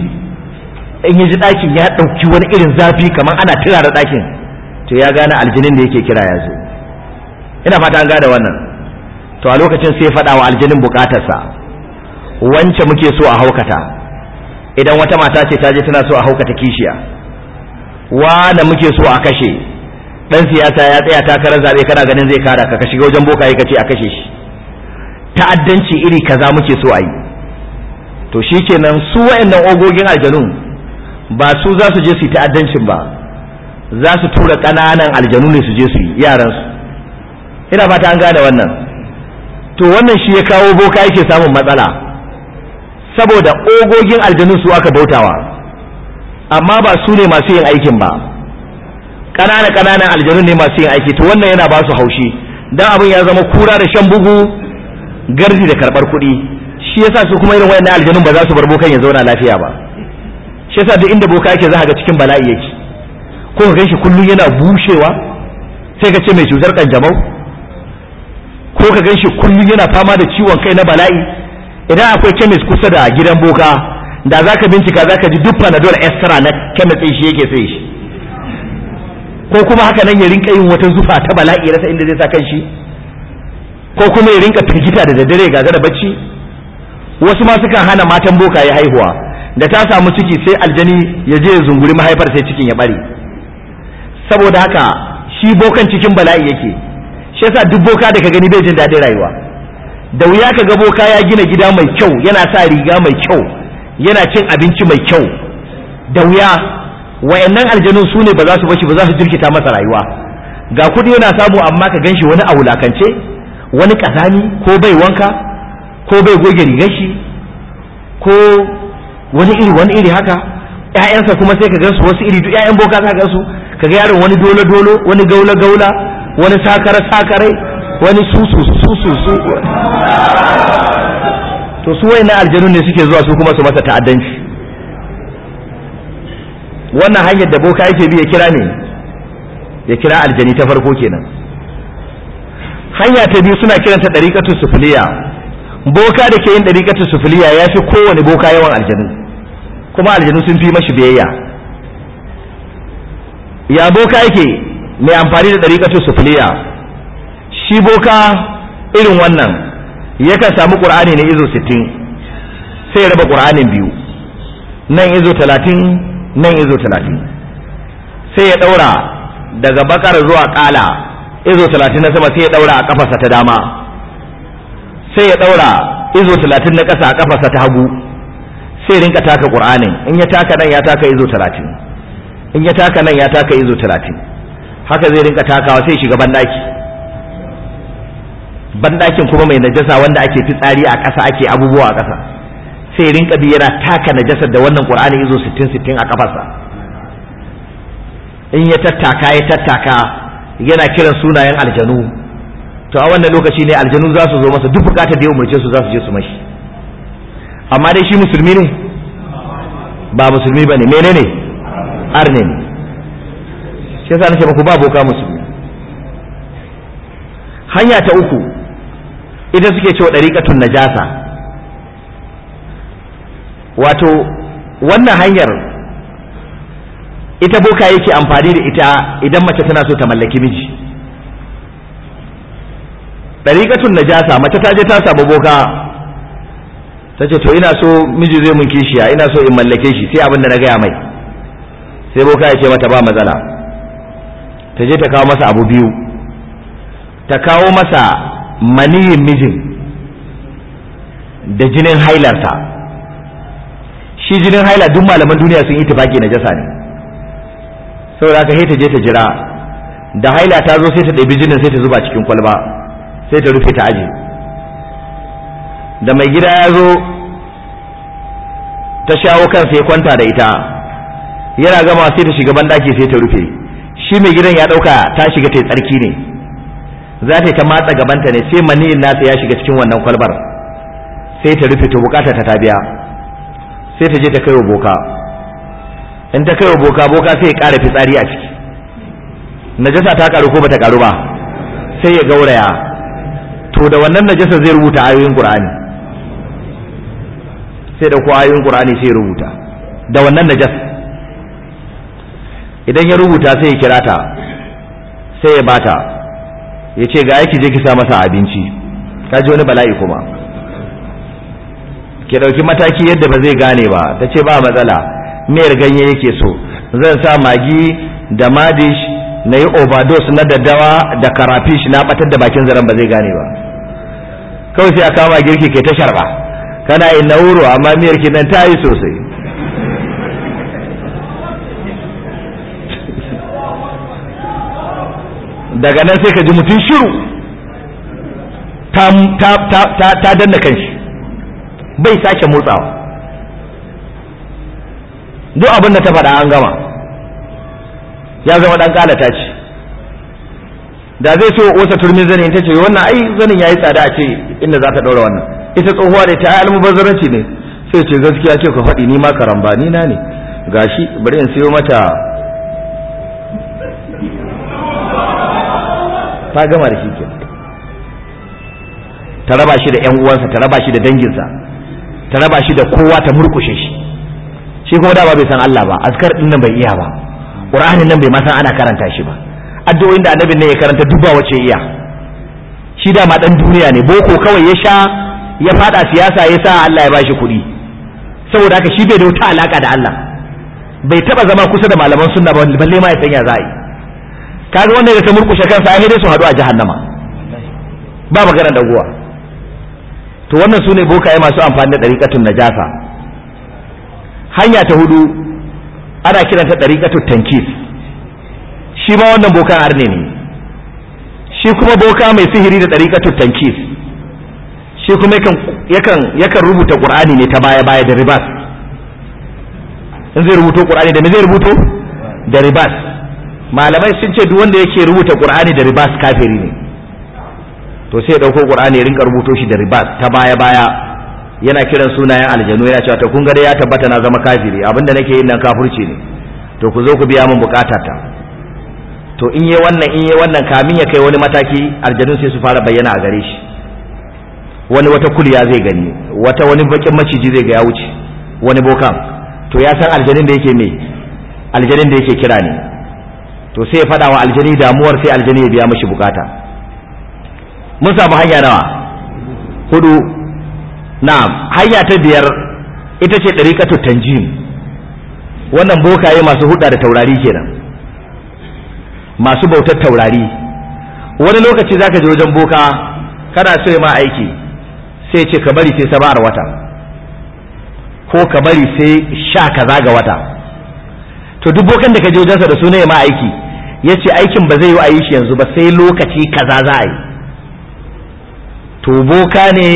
in ya ji ɗakin ya ɗauki wani irin zafi kaman ana da ɗakin to ya gane aljinin da yake kira ya ina fata an gada wannan to a lokacin sai faɗa wa aljinin buƙatarsa wance muke so a haukata idan wata mata ce ta je tana so a haukata kishiya wa da muke so a kashe dan siyasa ya tsaya takarar zabe kana ganin zai kara ka ka shiga wajen boka ka ce a kashe shi ta'addanci iri kaza muke so ayi yi to shikenan su wayannan ogogin aljanu ba su za su je su yi ta'addancin ba za su tura ƙananan aljanu ne su je su yi yaran su ina fata an gane wannan to wannan shi ya kawo boka yake samun matsala saboda ogogin aljanu su aka bautawa amma ba su ne masu yin aikin ba kanana ƙananan aljanu ne masu yin aiki to wannan yana ba su haushi dan abin ya zama kura da shan bugu gardi da karbar kuɗi shi yasa su kuma irin wayannan aljanun ba za su bar bokan ya zauna lafiya ba shi yasa duk inda boka yake zaka ga cikin bala'i yake ko ka ganshi kullum yana bushewa sai ka ce mai cutar kanjamau ko ka ganshi kullun yana fama da ciwon kai na bala'i idan akwai kemis kusa da gidan boka da zaka bincika zaka ji duk panadol extra na kemis shi yake sai shi ko kuma haka nan ya rinka yin wata zufa ta bala'i rasa inda zai sa kan shi ko kuma ya rinka firgita da daddare ga da bacci wasu ma sukan hana matan boka ya haihuwa da ta samu ciki sai aljani ya je ya zunguri mahaifar sai cikin ya bare saboda haka shi bokan cikin bala'i yake shi yasa duk boka da ka gani bai jin daɗin rayuwa da wuya ka ga boka ya gina gida mai kyau yana sa riga mai kyau yana cin abinci mai kyau da wuya wayannan aljanun su ne ba za su bashi ba za su jirkita masa rayuwa ga kuɗi yana samu amma ka ganshi wani a wulakance wani kazani ko bai wanka ko bai goge rigar shi ko wani iri wani iri haka ƴaƴansa kuma sai ka gansu wasu iri duk ƴaƴan boka ka gansu ka ga yaron wani dolo dolo wani gaula gaula wani sakare sakare wani susu susu su to su wayannan aljanun ne suke zuwa su kuma su masa ta'addanci wannan hanyar da boka yake bi ya kira ne ya kira aljani ta farko kenan hanya ta biyu suna kiranta ɗariƙatun sufuliya boka da ke yin ɗariƙatun sufuliya ya fi kowane boka yawan aljanu kuma aljanu sun fi mashi biyayya ya boka yake mai amfani da ɗariƙatun sufuliya shi boka irin wannan yakan samu qur'ani na izo 60 sai ya raba qur'anin biyu nan izo talatin nan izo talatin sai ya ɗaura daga bakar zuwa ƙala izo talatin na sama sai ya ɗaura a ƙafasa ta dama sai ya ɗaura izo talatin na ƙasa a ƙafasa ta hagu sai rinka taka ƙur'anin in ya taka nan ya taka izo talatin in ya taka nan ya taka izo talatin haka zai rinka takawa sai shiga banɗaki banɗakin kuma mai najasa wanda ake fitsari a ƙasa ake abubuwa a ƙasa sai rinka bi yana taka najasar da wannan qur'ani izo 60 60 a kafarsa in ya tattaka ya tattaka yana kiran sunayen aljanu to a wannan lokaci ne aljanu za su zo masa duk bukatar da ya umarce su za su je su mashi amma dai shi musulmi ne ba musulmi bane menene arne ne shi yasa nake muku ba boka musulmi hanya ta uku ita suke cewa dariqatun najasa wato wannan hanyar ita boka yake amfani da ita idan mace tana so ta mallaki miji ɗariƙatun najasa mace ta je ta samu boka ta ce to ina so miji zai mun kishi ya ina so in mallake shi sai abin da na gaya mai sai boka ya ce mata ba matsala ta je ta kawo masa abu biyu ta kawo masa maniyin mijin da jinin hailarta shi jinin haila duk malaman duniya sun yi tufaki na jasa ne saboda ka ta je ta jira da haila ta zo sai ta ɗabi jinin sai ta zuba cikin kwalba sai ta rufe ta aji, da mai gida ya zo ta shawo kansa ya kwanta da ita yana gama sai ta shiga banɗaki sai ta rufe shi mai gidan ya ɗauka ta shiga ta tsarki ne za ta yi ta matsa gabanta ne sai maniyin nasa ya shiga cikin wannan kwalbar sai ta rufe ta bukata ta tabiya sai ta je ta kai wa boka in ta kai wa boka boka sai ya ƙara fitsari a ciki najasa ta ƙaru ko bata ƙaru ba sai ya gauraya to da wannan najasa zai rubuta ayoyin qur'ani sai da ko ayoyin qur'ani sai ya rubuta da wannan najasa idan ya rubuta sai ya kira ta sai ya bata ya ce ga yake je ki sa masa abinci ka ji wani bala'i kuma ki ɗauki mataki yadda ba zai gane ba ta ce ba matsala miyar ganye yake so zan sa magi da madish na yi overdose na daddawa da karafish na batar da bakin zaren ba zai gane ba kawai sai a kama girki ke ta sharba kana yi nauro amma miyar ki nan ta yi sosai daga nan sai ka ji mutum shiru ta danna kanshi bai sake motsawa duk abin da ta faɗa an gama ya zama ɗan ƙalata ce da zai so wasa turmin zanin ta ce wannan ai zanin yi tsada a ce inda za ta ɗaura wannan ita tsohuwa da ta yi almubazzaranci ne sai ce gaskiya ce ka faɗi ni ma karambani na ne gashi bari in sayo mata ta gama da shi ke ta raba shi da 'yan uwansa ta raba shi da danginsa ta raba shi da kowa ta murkushe shi shi kuma da ba bai san Allah ba azkar din nan bai iya ba qur'anin nan bai ma san ana karanta shi ba addu'o'in da annabin ne ya karanta duk ba wace iya shi da ma dan duniya ne boko kawai ya sha ya fada siyasa ya sa Allah ya bashi kuɗi saboda haka shi bai da wata alaka da Allah bai taba zama kusa da malaman sunna ba balle ma ya sanya za'i kaga wanda ya ta murkushe kansa ai dai su haɗu a jahannama ba da daguwa to wannan su ne bokaye masu amfani da ɗariƙatun najasa hanya ta hudu ana kiranta ɗariƙatun tankis shi ma wannan bokan arne ne shi kuma boka mai sihiri da ɗariƙatun tankis shi kuma yakan rubuta ƙur'ani ne ta baya baya da ribas in zai rubuto ƙur'ani da me zai rubuto da ribas malamai sun ce duk wanda yake rubuta ƙur'ani da ribas kafiri ne to sai ya dauko qur'ani ya rinka rubuto shi da ribat ta baya baya yana kiran sunayen aljanu yana cewa to kun ga ya tabbata na zama kafiri abinda nake yin nan kafirci ne to ku zo ku biya min bukatata to in yi wannan in yi wannan kamin ya kai wani mataki aljanu sai su fara bayyana a gare shi wani wata kulya zai gani wata wani bakin maciji zai ga ya wuce wani bokan to ya san aljanin da yake me aljanin da yake kira ne to sai ya fada wa aljani damuwar sai aljani ya biya mishi bukata mun samu hanya nawa hudu na'am hanya ta biyar ita ce ɗariƙatu tanjim wannan bokaye masu huda da taurari kenan masu bautar taurari wani lokaci zaka je wajen boka kana so ma aiki sai ce ka bari sai sabar wata ko ka bari sai sha kaza ga wata to duk bokan da ka je wajensa da sunan ma aiki ya ce aikin ba zai yi a yi shi yanzu ba sai lokaci kaza za a yi to boka ne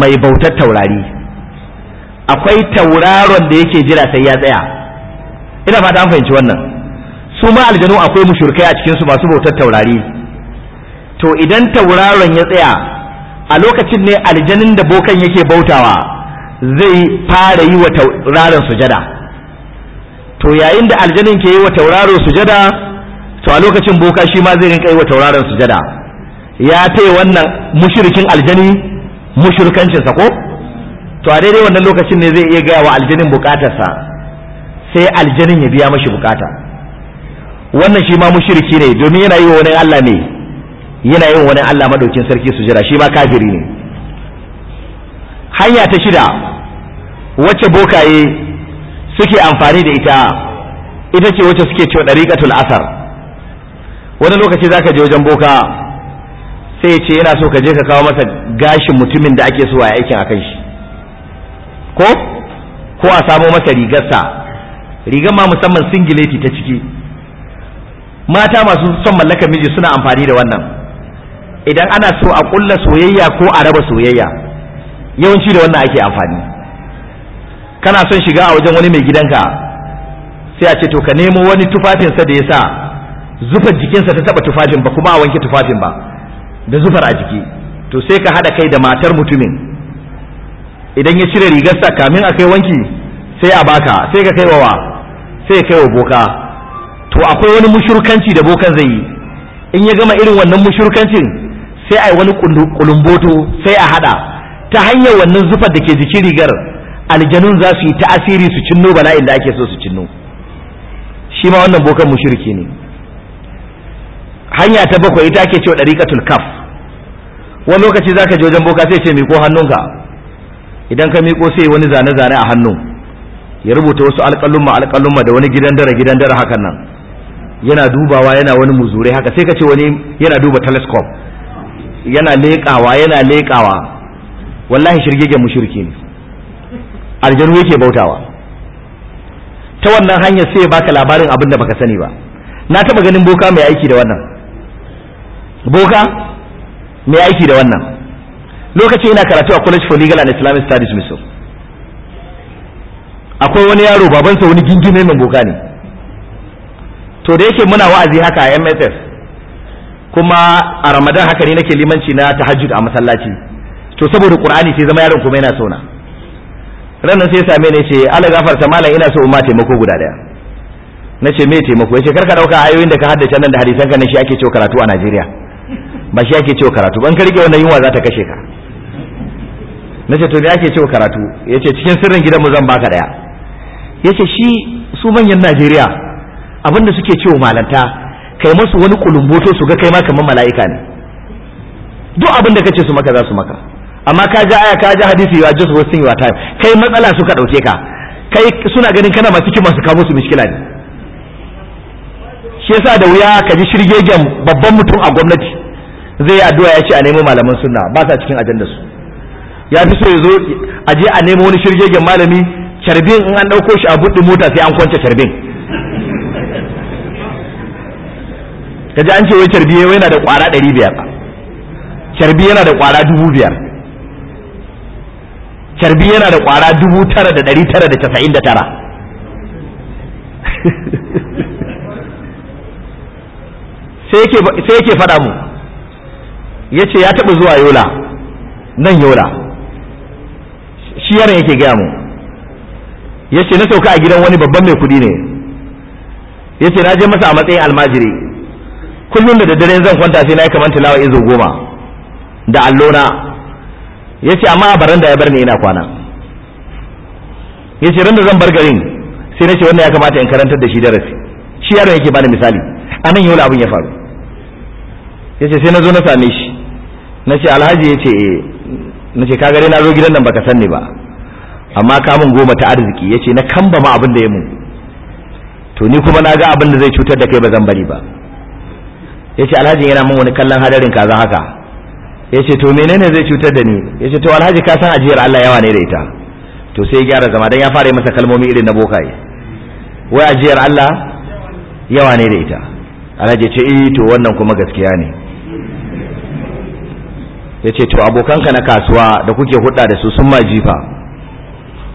mai bautar taurari akwai tauraron da yake jira sai ya tsaya ina fata an fahimci wannan su ma aljanu akwai mushurkai a cikin su masu bautar taurari to idan tauraron ya tsaya a lokacin ne aljanin da bokan yake bautawa zai fara yi wa tauraron sujada to yayin da aljanin ke yi wa tauraron sujada to a lokacin boka shi ma zai rinka yi wa tauraron sujada ya ce wannan mushrikin aljani mushrikancinsa ko to a daidai wannan lokacin ne zai iya gaya wa aljanin bukatarsa sai aljanin ya biya mashi bukata wannan shi ma mushriki ne domin yana yi wa wani Allah ne yana yi wa wani Allah madaukin sarki su jira shi ma kafiri ne hanya ta shida wacce bokaye suke amfani da ita ita ce wacce suke cewa dariqatul asar wani lokaci zaka je wajen boka sai ya ce yana so ka je ka kawo masa gashin mutumin da ake so a aikin akan shi ko ko a samo masa rigarsa rigar ma musamman singileti ta ciki mata masu son mallakar miji suna amfani da wannan idan ana so a kulla soyayya ko a raba soyayya yawanci da wannan ake amfani kana son shiga a wajen wani mai gidanka sai a ce to ka nemo wani tufafinsa da ya sa zufar jikinsa ta taba tufafin ba kuma a wanke tufafin ba da zufar a jiki to sai ka haɗa kai da matar mutumin idan ya cire rigarsa kamin a kai wanki sai a baka sai ka kai wa sai kai wa boka to akwai wani mushurkanci da bokan zai yi in ya gama irin wannan mushurkancin sai a yi wani kulumboto sai a haɗa ta hanyar wannan zufar da ke jikin rigar aljanun za su yi ta'asiri su cinno bala'in da ake so su cinno shi ma wannan bokan mushirki ne hanya ta bakwai ita ake cewa dariqatul kaf wani lokaci zaka je wajen boka sai ce miko hannunka idan ka miko sai wani zane-zane a hannun. ya rubuta wasu alƙalumma alƙalumma da wani gidan dare gidan dare hakan nan yana dubawa yana wani muzure haka sai ka ce wani yana duba telescope yana leƙawa yana leƙawa wallahi shirgegen mushriki ne aljanu yake bautawa ta wannan hanyar sai baka labarin abin da baka sani ba na taba ganin boka mai aiki da wannan boka mai aiki da wannan lokacin ina karatu a college for legal and islamic studies miso akwai wani yaro babansa wani gingime mai boka ne to da yake muna wa'azi haka a mss kuma a ramadan haka ne nake limanci na tahajjud a masallaci to saboda qur'ani sai zama yaron kuma yana sona ranar sai ya same ne ce ala gafarta malam ina so umma taimako guda daya na ce me taimako yace karka dauka ayoyin da ka haddace nan da hadisan ka shi ake cewa karatu a Najeriya ba shi ake cewa karatu ban karge wannan yunwa za ta kashe ka na ce to me ake cewa karatu ya ce cikin sirrin gidanmu zan baka daya ya ce shi su manyan najeriya abinda suke cewa malanta kai masu wani kulumboto su ga kai ma kamar mala'ika ne duk abinda kace su maka za su maka amma ka ga aya ka ga hadisi ya just wasting your time kai matsala suka dauke ka kai suna ganin kana masu cikin masu kawo su mishkila ne shi yasa da wuya ka ji shirgegen babban mutum a gwamnati zai yi addu'a ya ce a nemo malaman sunna ba sa cikin ajandar su ya fi so ya zo a je a nemo wani shirgegen malami carbin in an ɗauko shi a buɗe mota sai an kwance carbin kaji an ce wai carbi yana da ƙwara ɗari biyar carbi yana da ƙwara dubu biyar carbi yana da ƙwara dubu tara da ɗari tara da casa'in da tara sai yake faɗa mu ya ce ya taɓa zuwa yola nan yola shi yaron yake gaya mu ya ce na sauka a gidan wani babban mai kuɗi ne ya ce na je masa a matsayin almajiri kullum da daddare zan kwanta sai na yi kamar tilawa izo goma da allona ya ce amma a baranda ya bar ni ina kwana ya ce ran da zan bar garin sai na ce wannan ya kamata in karantar da shi darasi shi yaron yake bani misali a nan yola abin ya faru ya ce sai na zo na same shi na ce alhaji ya ce e na ce kagare na zo gidan nan baka san ni ba amma kamun goma ta arziki ya ce na kamba ma abin da ya mun to ni kuma na ga abin da zai cutar da kai ba zan bari ba ya ce alhaji yana min wani kallon hadarin kaza haka ya ce to menene zai cutar da ni ya ce to alhaji ka san ajiyar Allah yawa ne da ita to sai ya gyara zama dan ya fara masa kalmomi irin na bokaye wai ajiyar Allah yawa ne da ita alhaji ce eh to wannan kuma gaskiya ne ya ce to abokanka na kasuwa da kuke hudda da su sun ma jifa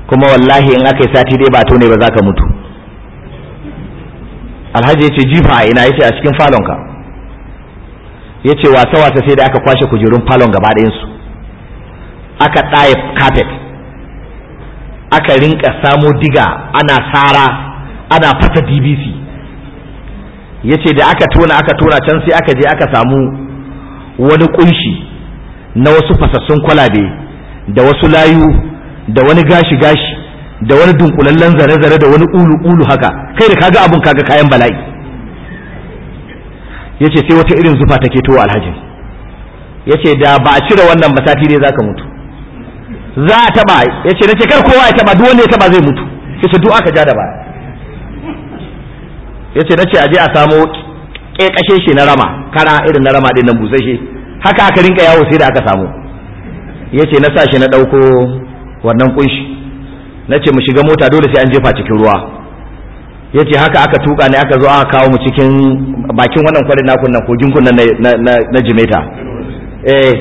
kuma wallahi in aka yi sati dai ba ne ba za ka mutu alhaji ya ce jifa a ina ya ce a cikin falonka ya ce wasa-wasa sai da aka kwashe kujerun falon gaba ɗayansu aka ɗaya kafet aka rinka samo diga ana sara ana fata dbc ya ce da aka tona aka tona can sai aka je aka samu wani kunshi na wasu fasassun kwalabe da wasu layu da wani gashi gashi da wani dunkulallen zare zare da wani ulu ulu haka kai da kaga abun kaga kayan bala'i yace sai wata irin zufa take towa alhaji yace da ba a cire wannan ba sati ne zaka mutu za a taba yace nace kar kowa ya taba duk wanda ya taba zai mutu yace duk aka ja da baya yace nace aje a samo kekashe shi na rama kara irin na rama din nan busashe haka aka rinka yawo sai da aka samu ya ce na sa shi na ɗauko wannan kunshi na ce mu shiga mota dole sai an jefa cikin ruwa ya ce haka aka tuka ne aka zo aka kawo mu cikin bakin wannan kwarin na kunnan kogin kunnan na jimeta eh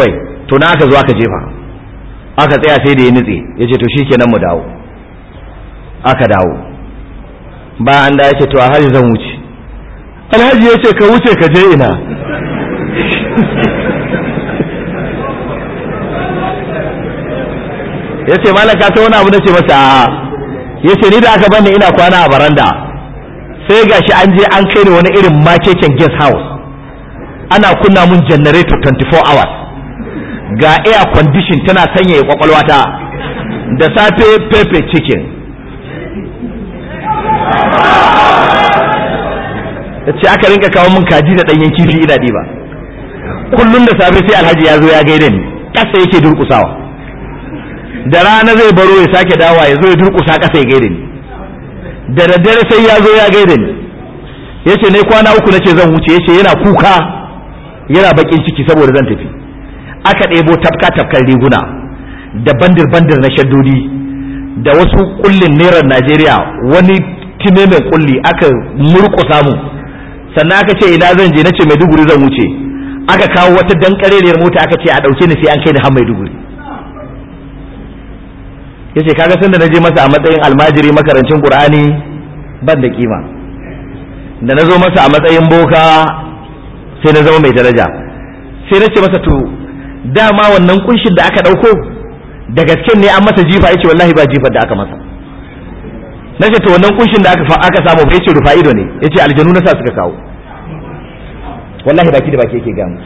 wai to na aka zo aka jefa aka tsaya sai da ya nutse ya ce to shi kenan mu dawo aka dawo ba an da ya ce to a hajji zan wuce alhaji ya ce ka wuce ka je ina ya ce malaka ta wani abu na ce masa a ya ce ni da aka bani ina kwana a baranda sai ga shi an je an kai ni wani irin makeken guest house ana kunna mun generator 24 hours ga air condition tana sanyaya kwakwalwata da safe pepe chicken ya ce aka rinka kawo mun kaji da ɗanyen kifi ina ba. kullum da safe sai alhaji ya zo ya gaida ni ƙasa yake durkusawa da rana zai baro ya sake dawa ya zo ya durƙusa kasa ya gaida ni da daddare sai ya zo ya gaida ni ya ce ne kwana uku nace zan wuce ya ce yana kuka yana bakin ciki saboda zan tafi aka ɗebo tafka tafkan riguna da bandir bandir na shaddodi da wasu kullin naira najeriya wani time mai kulli aka murƙusa mu sannan aka ce ina zan je nace mai duguri zan wuce aka kawo wata dankareriyar mota aka ce a ɗauke ni sai an kai ni har Maiduguri yace kaga sanda naje masa a matsayin almajiri makarancin Qur'ani ban da kima da nazo masa a matsayin boka sai na zama mai daraja sai na ce masa to dama wannan kunshin da aka ɗauko da gaske ne an masa jifa yace wallahi ba jifar da aka masa na ce to wannan kunshin da aka aka samu ba yace rufa ido ne yace aljanu na sa suka kawo wallahi baki da baki yake gamu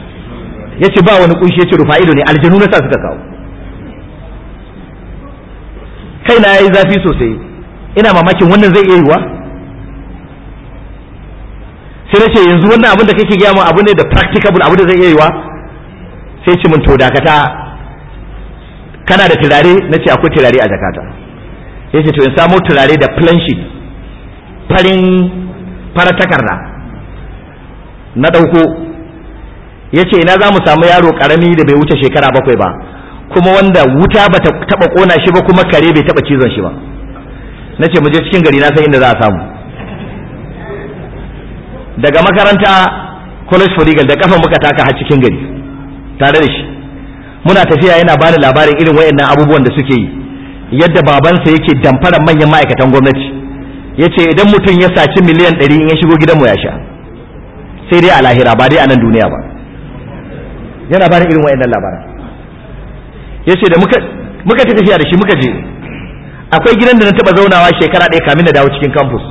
yace ba wani kunshi yace rufa'ido ne aljanu na sa suka kawo kai na yi zafi sosai ina mamakin wannan zai iya yiwa sai nace yanzu wannan abin da kake gaya mu abu ne da practicable abu da zai iya yiwa sai ce mun to dakata kana da turare nace akwai turare a jakata yace to in samo turare da plan sheet farin fara takarda na ɗauko ya ce ina zamu samu yaro ƙarami da bai wuce shekara bakwai ba kuma wanda wuta ba ta taɓa ƙona shi ba kuma kare bai taɓa cizon shi ba nace ce mu je cikin gari na san inda za a samu daga makaranta college for legal da kafa muka taka har cikin gari tare da shi muna tafiya yana bani labarin irin wayannan abubuwan da suke yi yadda babansa yake damfarar manyan ma'aikatan gwamnati yace idan mutum ya saci miliyan ɗari in ya shigo mu ya sha sai dai a lahira ba dai a nan duniya ba yana bada irin wayannan labaran yace da muka muka ta tafiya da shi muka je akwai gidan da na taba zaunawa shekara ɗaya kamin na dawo cikin campus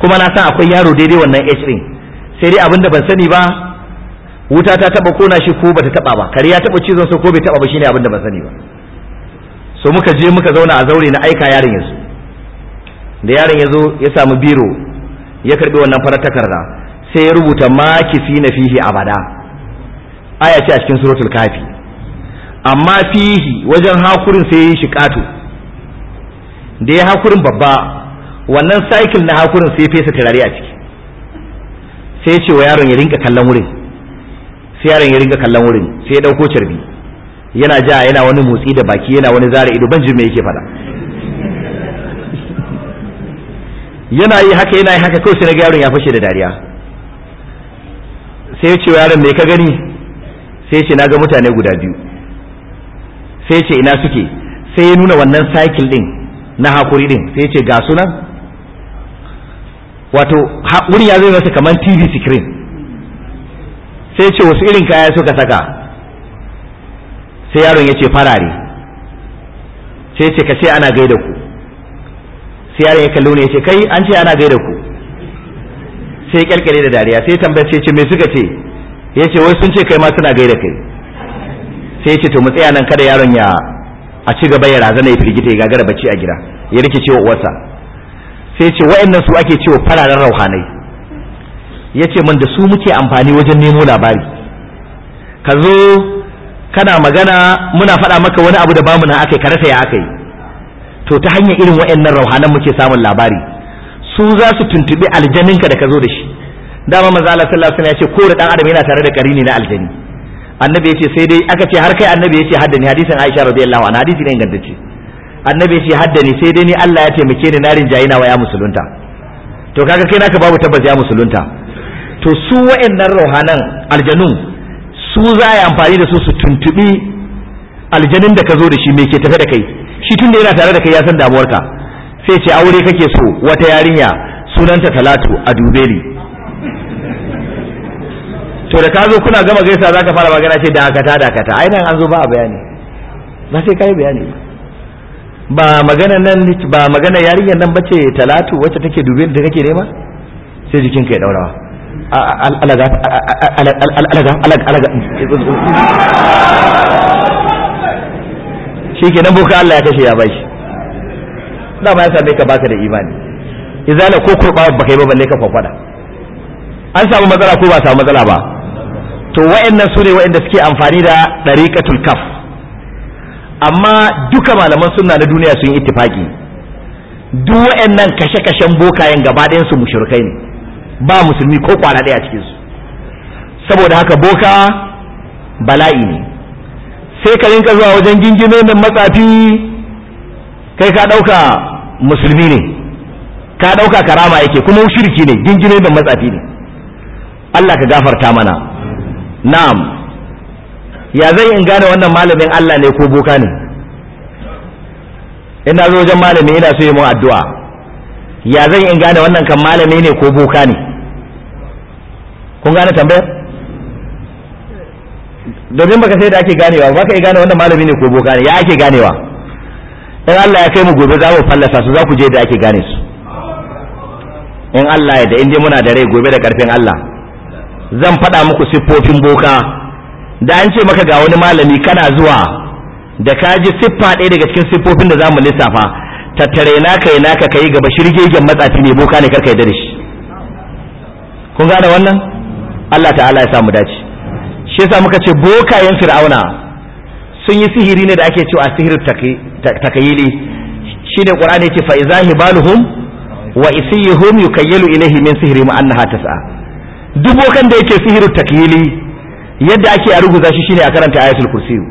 kuma na san akwai yaro daidai wannan H ɗin sai dai abinda ban sani ba wuta ta taba kona shi ko bata taba ba kare ya taba cizon sa ko bai taba ba shine abinda ban sani ba so muka je muka zauna a zaure na aika yaron yanzu da yaron yazo ya samu biro ya karbi wannan farar takarda sai ya rubuta fi na fihi abada aya ce a cikin suratul kafi amma fihi wajen hakurin sai ya yi shi da ya hakurin babba wannan cycle na hakurin sai ya fesa turare a ciki sai ya ce wa yaron ya rinka kallon wurin sai yaron ya rinka kallon wurin sai ya ɗauko carbi yana ja yana wani motsi da baki yana wani zara ido ban jin me yake faɗa yana yi haka yana yi haka kawai sai na yaron ya fashe da dariya sai ya ce yaron me ka gani sai ya ce na ga mutane guda biyu sai ya ce ina suke sai ya nuna wannan cycle din na hakuri din sai ya ce ga sunan wato wurin ya zai masa kamar tv screen sai ya ce wasu irin kaya suka saka sai yaron ya ce farare sai ya ce ka ce ana gaida ku sai yaron ya kalli ne ya ce kai an ce ana gaida ku sai kyalkyale da dariya sai tambaya ce me suka ce ya ce wai sun ce kai ma suna gai da kai sai ce to mu tsaya nan kada yaron ya a ci gaba ya razana ya firgita ya gagara bacci a gida ya rike cewa uwarsa sai ce wa'annan su ake cewa fararen rauhanai ya ce man da su muke amfani wajen nemo labari ka zo kana magana muna faɗa maka wani abu da bamu na akai ka rasa ya akai to ta hanyar irin wa'annan rauhanan muke samun labari su za su tuntuɓi aljaninka da ka zo da shi dama manzo Allah sallallahu alaihi wasallam ya ce da dan adam yana tare da ne na aljani annabi ya ce sai dai aka ce har kai annabi ya ce haddani hadisin Aisha radiyallahu anha hadisi ne ingantacce annabi ya ce haddani sai dai ni Allah ya taimake ni na rinjaye na waya musulunta to kaga kai naka babu tabbas ya musulunta to su wa'annan rohanan aljanun su za a yi amfani da su su tuntubi aljanin da ka zo da shi me ke tafe da kai shi tunda yana tare da kai ya san damuwarka sai ce aure kake so wata yarinya sunanta talatu a dubeli to da ka zo kuna gama gaisa za ka fara magana ce dakata dakata a nan an zo ba a bayani ba sai ka yi bayani ba magana nan ba magana yarinyar nan bace talatu wacce take dubin da kake nema sai jikin ka alaga alaga. shi ke nan boka Allah ya kashe ya bashi dama ya same ka baka da imani izala ko kurɓa ba kai ba balle ka kwakwada an samu matsala ko ba samu matsala ba to wa'annan su ne wa'anda suke amfani da ɗariƙatul kaf amma duka malaman sunna na duniya sun yi ittifaki duk wa'annan kashe-kashen bokayen gaba ɗayan su mushrikai ne ba musulmi ko kwana ɗaya cikin su saboda haka boka bala'i ne sai ka rinka zuwa wajen gingime mai matsafi kai ka ɗauka musulmi ne ka ɗauka karama yake kuma shirki ne gingime mai matsafi ne Allah ka gafarta mana na'am ya zai in gane wannan malamin Allah ne ko boka ne ina zo wajen malami ina so yi mun addu'a ya zan in gane wannan kan malami ne ko boka ne kun gane tambayar domin baka sai da ake ganewa ba ka gane wannan malami ne ko boka ne ya ake ganewa in Allah ya kai mu gobe za mu fallasa su za ku je da ake gane su in Allah ya da inda muna da rai gobe da karfin Allah zan faɗa muku siffofin boka da an ce maka ga wani malami kana zuwa da ka ji siffa ɗaya daga cikin siffofin da za mu lissafa tattare naka yi naka ka yi gaba shirgegen matsafi ne boka ne karka yi da shi kun gane wannan Allah ta'ala ya samu dace shi yasa muka ce bokayen fir'auna sun yi sihiri ne da ake cewa sihir takayili shine qur'ani yace fa izahi wa isiyuhum yukayyalu ilayhi min sihrihim annaha tas'a duk wakan da yake sihiru taklili yadda ake a ruguza shi shine a karanta ayatul kursiyu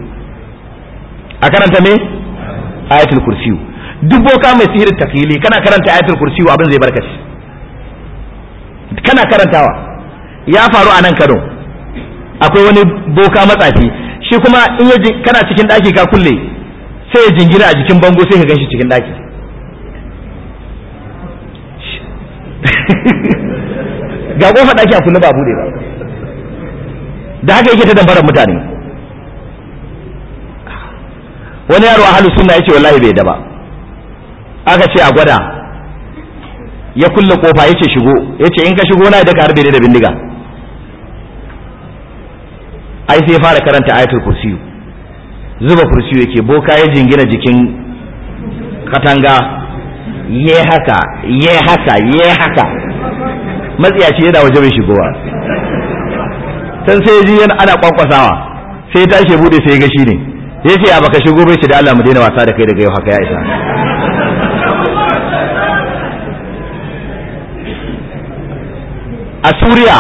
a karanta me ayatul kursiyu duk boka mai sihiru taklili kana karanta ayatul kursiyu abin zai barka shi kana karantawa ya faru a nan Kano akwai wani boka matsafi shi kuma in ya kana cikin daki ka kulle sai ya jingina a jikin bango sai ka ganshi cikin daki ga kofar ɗaki a kulle ba bude ba da haka yake ta dambarar mutane wani yaro a halin suna ya ce wallahi bai da ba aka ce a gwada ya kulle kofa ya ce shigo ya ce in ka shigo na da karbe da bindiga ai sai ya fara karanta ayatul kursiyu zuba kursiyu yake boka ya jingina jikin katanga ye haka ye haka ye haka Matsiya matsiyaci yana waje mai shigowa san sai ji yana ana kwankwasawa sai tashi bude sai ga shi ne ya ce a baka shigo bai shi da Allah mu daina wasa da kai daga yau haka ya isa a suriya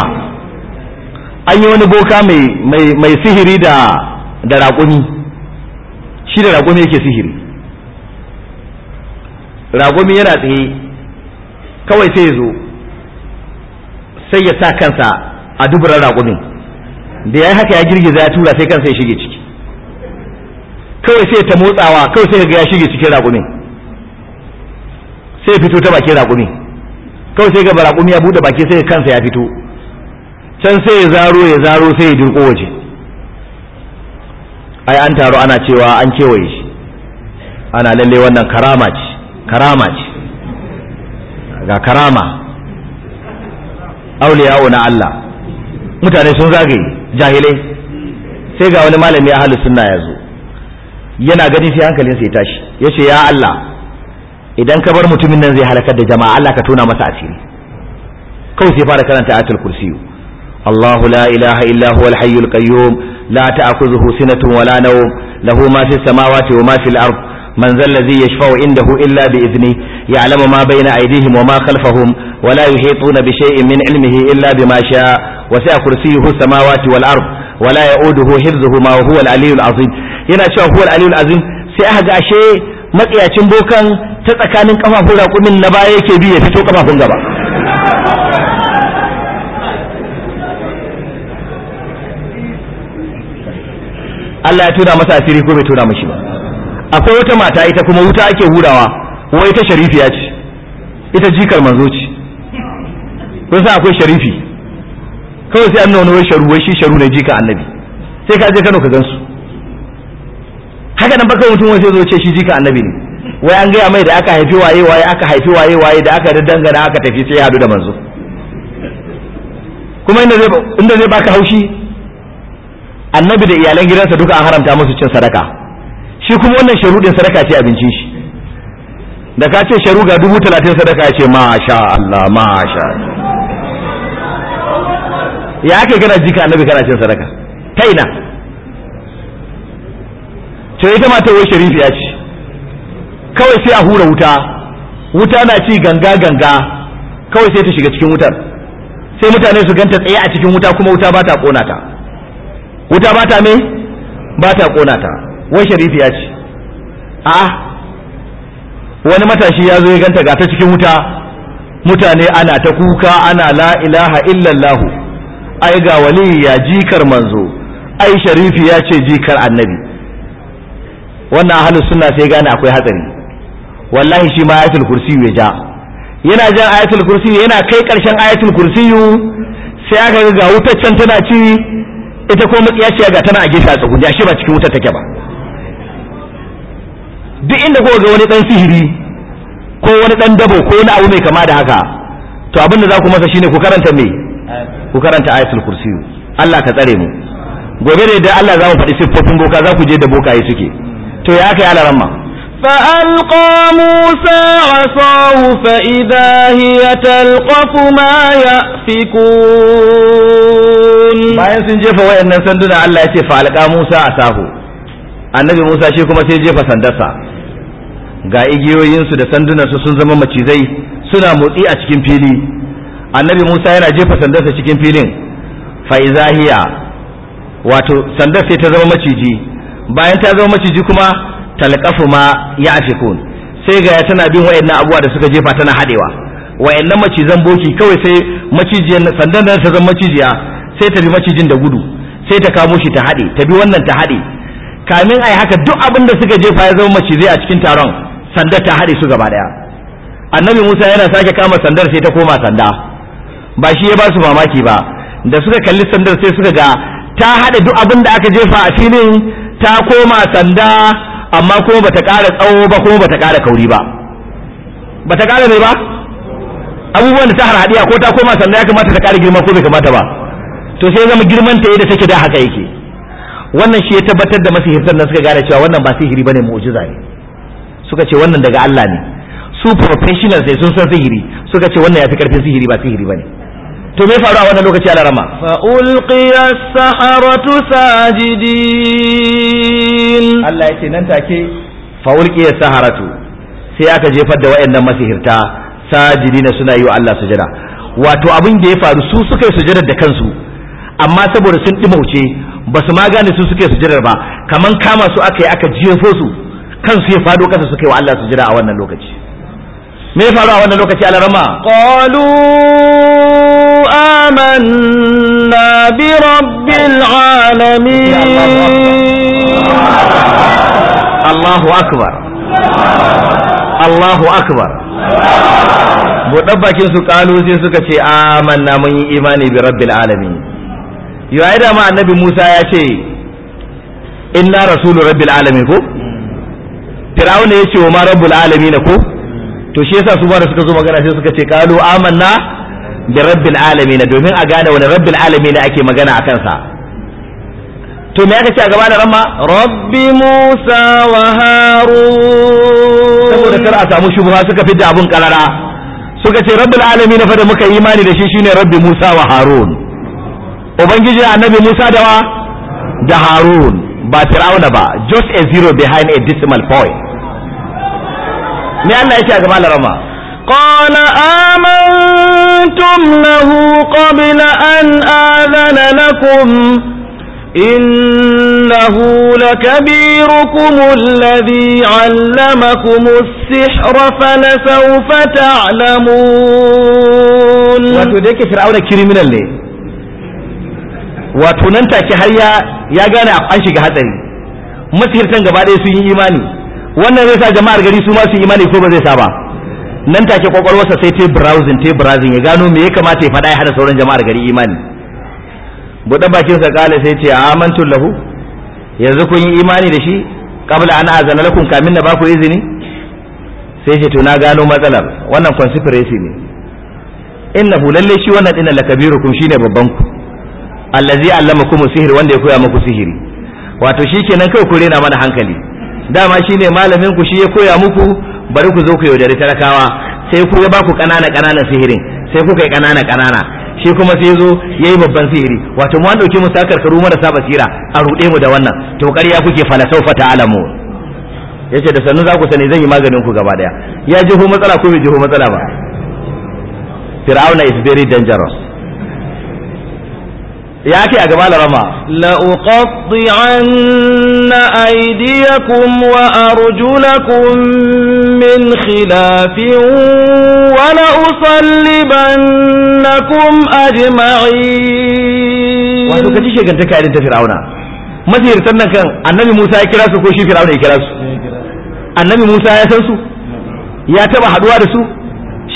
an yi wani boka mai sihiri da da shi da raƙumi yake sihiri raƙumi yana tsaye kawai sai ya zo sai ya sa kansa a duburar raƙumin da ya haka ya girgiza ya tura sai kansa ya shige ciki kawai sai ta motsawa kawai sai ga ya shige cikin raƙumin sai fito ta bakin raƙumi kawai sai ga raƙumi ya buɗe baki sai kansa ya fito can sai ya zaro ya zaro sai ya dirko waje ai an taro ana cewa an kewaye shi ana lalle wannan karama ce karama ce ga karama auliyawo na Allah mutane sun zagaye jahilai sai ga wani malami ahlus sunna ya zo yana gani sai hankalin sai tashi ce ya Allah idan ka bar mutumin nan zai halakar da jama'a Allah ka tona masa asiri kawai sai fara karanta ayatul kursiyu Allahu la ilaha illa huwal hayyul qayyum la ta'khudhuhu sinatun wala nawm lahu ma fis samawati wa ma fil ardh من ذا الذي يشفع عنده إلا بإذنه يعلم ما بين أيديهم وما خلفهم ولا يحيطون بشيء من علمه إلا بما شاء وسع كرسيه السماوات والأرض ولا يؤوده حفظهما وهو العلي العظيم هنا شو هو العلي العظيم sai aka ga ashe matsiyacin bokan ta tsakanin kafafun raƙumin na baya yake bi ya fito kafafun gaba Allah ya tuna masa asiri ko bai tuna mashi ba akwai wata mata ita kuma wuta ake hurawa wai ita sharifiya ce ita jikar manzo ce kusa akwai sharifi kawai sai an nuna wai sharu wai shi sharu ne jika annabi sai ka je Kano ka gansu haka nan baka mutum wani sai zo ce shi jika annabi ne wai an gaya mai da aka haifi waye waye aka haifi waye waye da aka dangana aka tafi sai ya hadu da manzo kuma inda zai inda zai baka haushi annabi da iyalan gidansa duka an haramta musu cin sadaka shi kuma wannan sharuɗin sadaka ce abincin shi da ka ce sharu ga dubu talatin sadaka ce masha Allah masha ya ake gana jika annabi kana cin sadaka ta ina ce ita ma ta wai ya ce kawai sai a hura wuta wuta na ci ganga ganga kawai sai ta shiga cikin wutar sai mutane su ganta tsaye a cikin wuta kuma wuta ba ta ƙonata. wuta ba ta me ba ta ƙonata. wai Sharifi ya ce a wani matashi ya zo ya ganta ga ta cikin wuta mutane ana ta kuka ana la ilaha illallahu ai ga ya jikar manzo ai Sharifi ya ce jikar annabi wannan ahlus sunna sai gane akwai hatsari wallahi shi ma ayatul kursi ya ja yana jan ayatul kursi yana kai karshen ayatul kursi sai aka ga wutaccen tana ci ita ko matsiya ce ga tana a gefe a shi ba cikin wutar take ba duk inda kuka ga wani dan sihiri ko wani dan dabo ko wani abu mai kama da haka to abin da za ku masa shine ku karanta me ku karanta ayatul kursi Allah ka tsare mu gobe da idan Allah za mu faɗi siffofin boka za ku je da bokaye suke to ya kai alaran ma فألقى موسى عصاه فإذا هي تلقف ما يأفكون bayan sun jefa wayannan sanduna Allah ya ce fa alqa Musa asahu annabi Musa shi kuma sai jefa sandarsa ga igiyoyinsu da sandunansu sun zama macizai suna motsi a cikin fili annabi musa yana jefa sandarsa cikin filin fa'izahiya wato sandar sai ta zama maciji bayan ta zama maciji kuma talqafu ma ya afikun sai ga ya tana bin wayannan abubuwa da suka jefa tana hadewa wayannan macizan boki kawai sai macijiyan sandan da ta zama macijiya sai ta bi macijin da gudu sai ta kamo shi ta haɗe ta bi wannan ta haɗe. kamin ai haka duk abin da suka jefa ya zama macizai a cikin taron Sandar ta haɗe su gaba daya annabi musa yana sake kama sandar sai ta koma sanda ba shi ya ba su mamaki ba da suka kalli sandar sai suka ga ta haɗe duk abin da aka jefa a filin ta koma sanda amma kuma bata ƙara tsawo ba kuma bata ƙara kauri ba bata ƙara mai ba abubuwan da ta harhaɗiya ko ta koma sanda ya kamata ta ƙara girma ko bai kamata ba to sai zama girman ta yadda take da haka yake wannan shi ya tabbatar da masihirtar nan suka gane cewa wannan ba sihiri bane mu'jiza ne suka ce wannan daga Allah ne su professionals ne sun san sihiri suka ce wannan ya fi karfin sihiri ba sihiri bane to me faru a wannan lokaci a larama fa saharatu sajidin Allah yake nan take fa ulqiya saharatu sai aka jefar da wayannan masihirta sajidina suna yi wa Allah sujada wato abin da ya faru su suka yi sujadar da kansu amma saboda sun dimauce ba su ma gane su suke sujada ba kaman kama su aka yi aka jefo su kansu ya faɗo kasa suka yi wa Allah jira a wannan lokaci me ya faru a wannan lokaci alarama qalu amanna bi rabbil Allahu akbar Allahu akbar buɗe bakin su kalu sai suka ce amanna mun yi imani bi rabbil alamin yayi da ma annabi Musa ya ce inna rasulu rabbil alamin ko fir'auna ya ce wa ma rabbul na ko to shi yasa su ba da suka zo magana sai suka ce qalu amanna bi rabbil alamin domin a gane wani rabbil alamin ake magana a kansa. to me aka ce a gaba da ramma rabbi musa wa harun saboda kar a samu shubha suka fidda abun kalara, suka ce rabbil alamin fa da muka imani da shi shine rabbi musa wa harun ubangiji annabi musa da wa da harun ba fir'auna ba just a zero behind a decimal point me Allah yake ga a gaba larama قال آمنتم له قبل أن آذن إنه لكبيركم الذي علمكم السحر فلسوف تعلمون وتدك فرعون كريمنال ليه wato nan take har ya ya gane an shiga hatsari masirtan gaba ɗaya sun yi imani wannan zai sa jama'ar gari su ma su imani ko ba zai sa ba nan take kwakwalwarsa sai ta browsing ta browsing ya gano me ya kamata ya faɗa ya hada sauran jama'ar gari imani buɗe bakin sa kala sai ce amantu lahu yanzu kun yi imani da shi qabla an azana lakum kamin na baku izini sai ce to na gano matsalar wannan conspiracy ne innahu lalle shi wannan dinan lakabirukum shine babban ku allazi allama kuma sihir wanda ya koya muku sihiri wato shikenan kai ku rena mana hankali dama shine malamin ku shi ya koya muku bari ku zo ku yaudari talakawa sai ku ya ba ku kanana kananan sihirin sai kuka kai kanana kanana shi kuma sai zo yayi babban sihiri wato mu an dauke mu sakar karu marasa basira a rude mu da wannan to ƙarya kuke falasaufa ta'lamu yace da sannu za ku sani zan yi maganin ku gaba daya ya jiho matsala ko bai jiho matsala ba fir'auna is very dangerous ya ke a gaba larama la'uqatti'anna aydiyakum wa arjulakum min khilafin wa usallibannakum ajma'in wato kaji shegantaka irin ta fir'auna maziyartan nan kan annabi Musa ya kira su ko shi fir'auna ya kira su annabi Musa ya san su ya taba haduwa da su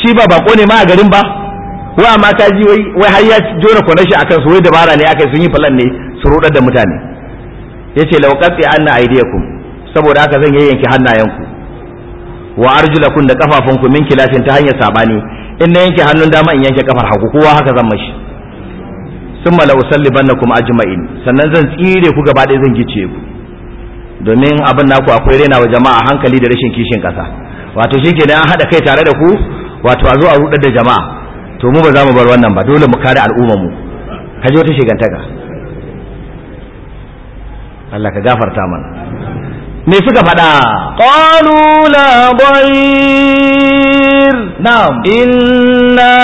shi ba bako ne ma a garin ba wa amma ta ji wai wai har ya jona kwanar shi akan su wai dabara ne akai sun yi falan ne su rudar da mutane yace law qati anna aydiyakum saboda haka zan yayyanke hannayenku wa arjulakum da kafafunku min kilafin ta hanyar sabani in na yanke hannun dama in yanke kafar hagu kowa haka zan mashi summa law sallibannakum ajma'in sannan zan tsire ku gaba ɗaya zan gice ku domin abin naku akwai rena wa jama'a hankali da rashin kishin kasa wato shi kenan an haɗa kai tare da ku wato a zo a rudar da jama'a to mu ba za mu bar wannan ba dole mu kare al'umma mu kaje wata shigantaka Allah ka gafarta mana me suka faɗa qalu la dayr na'am inna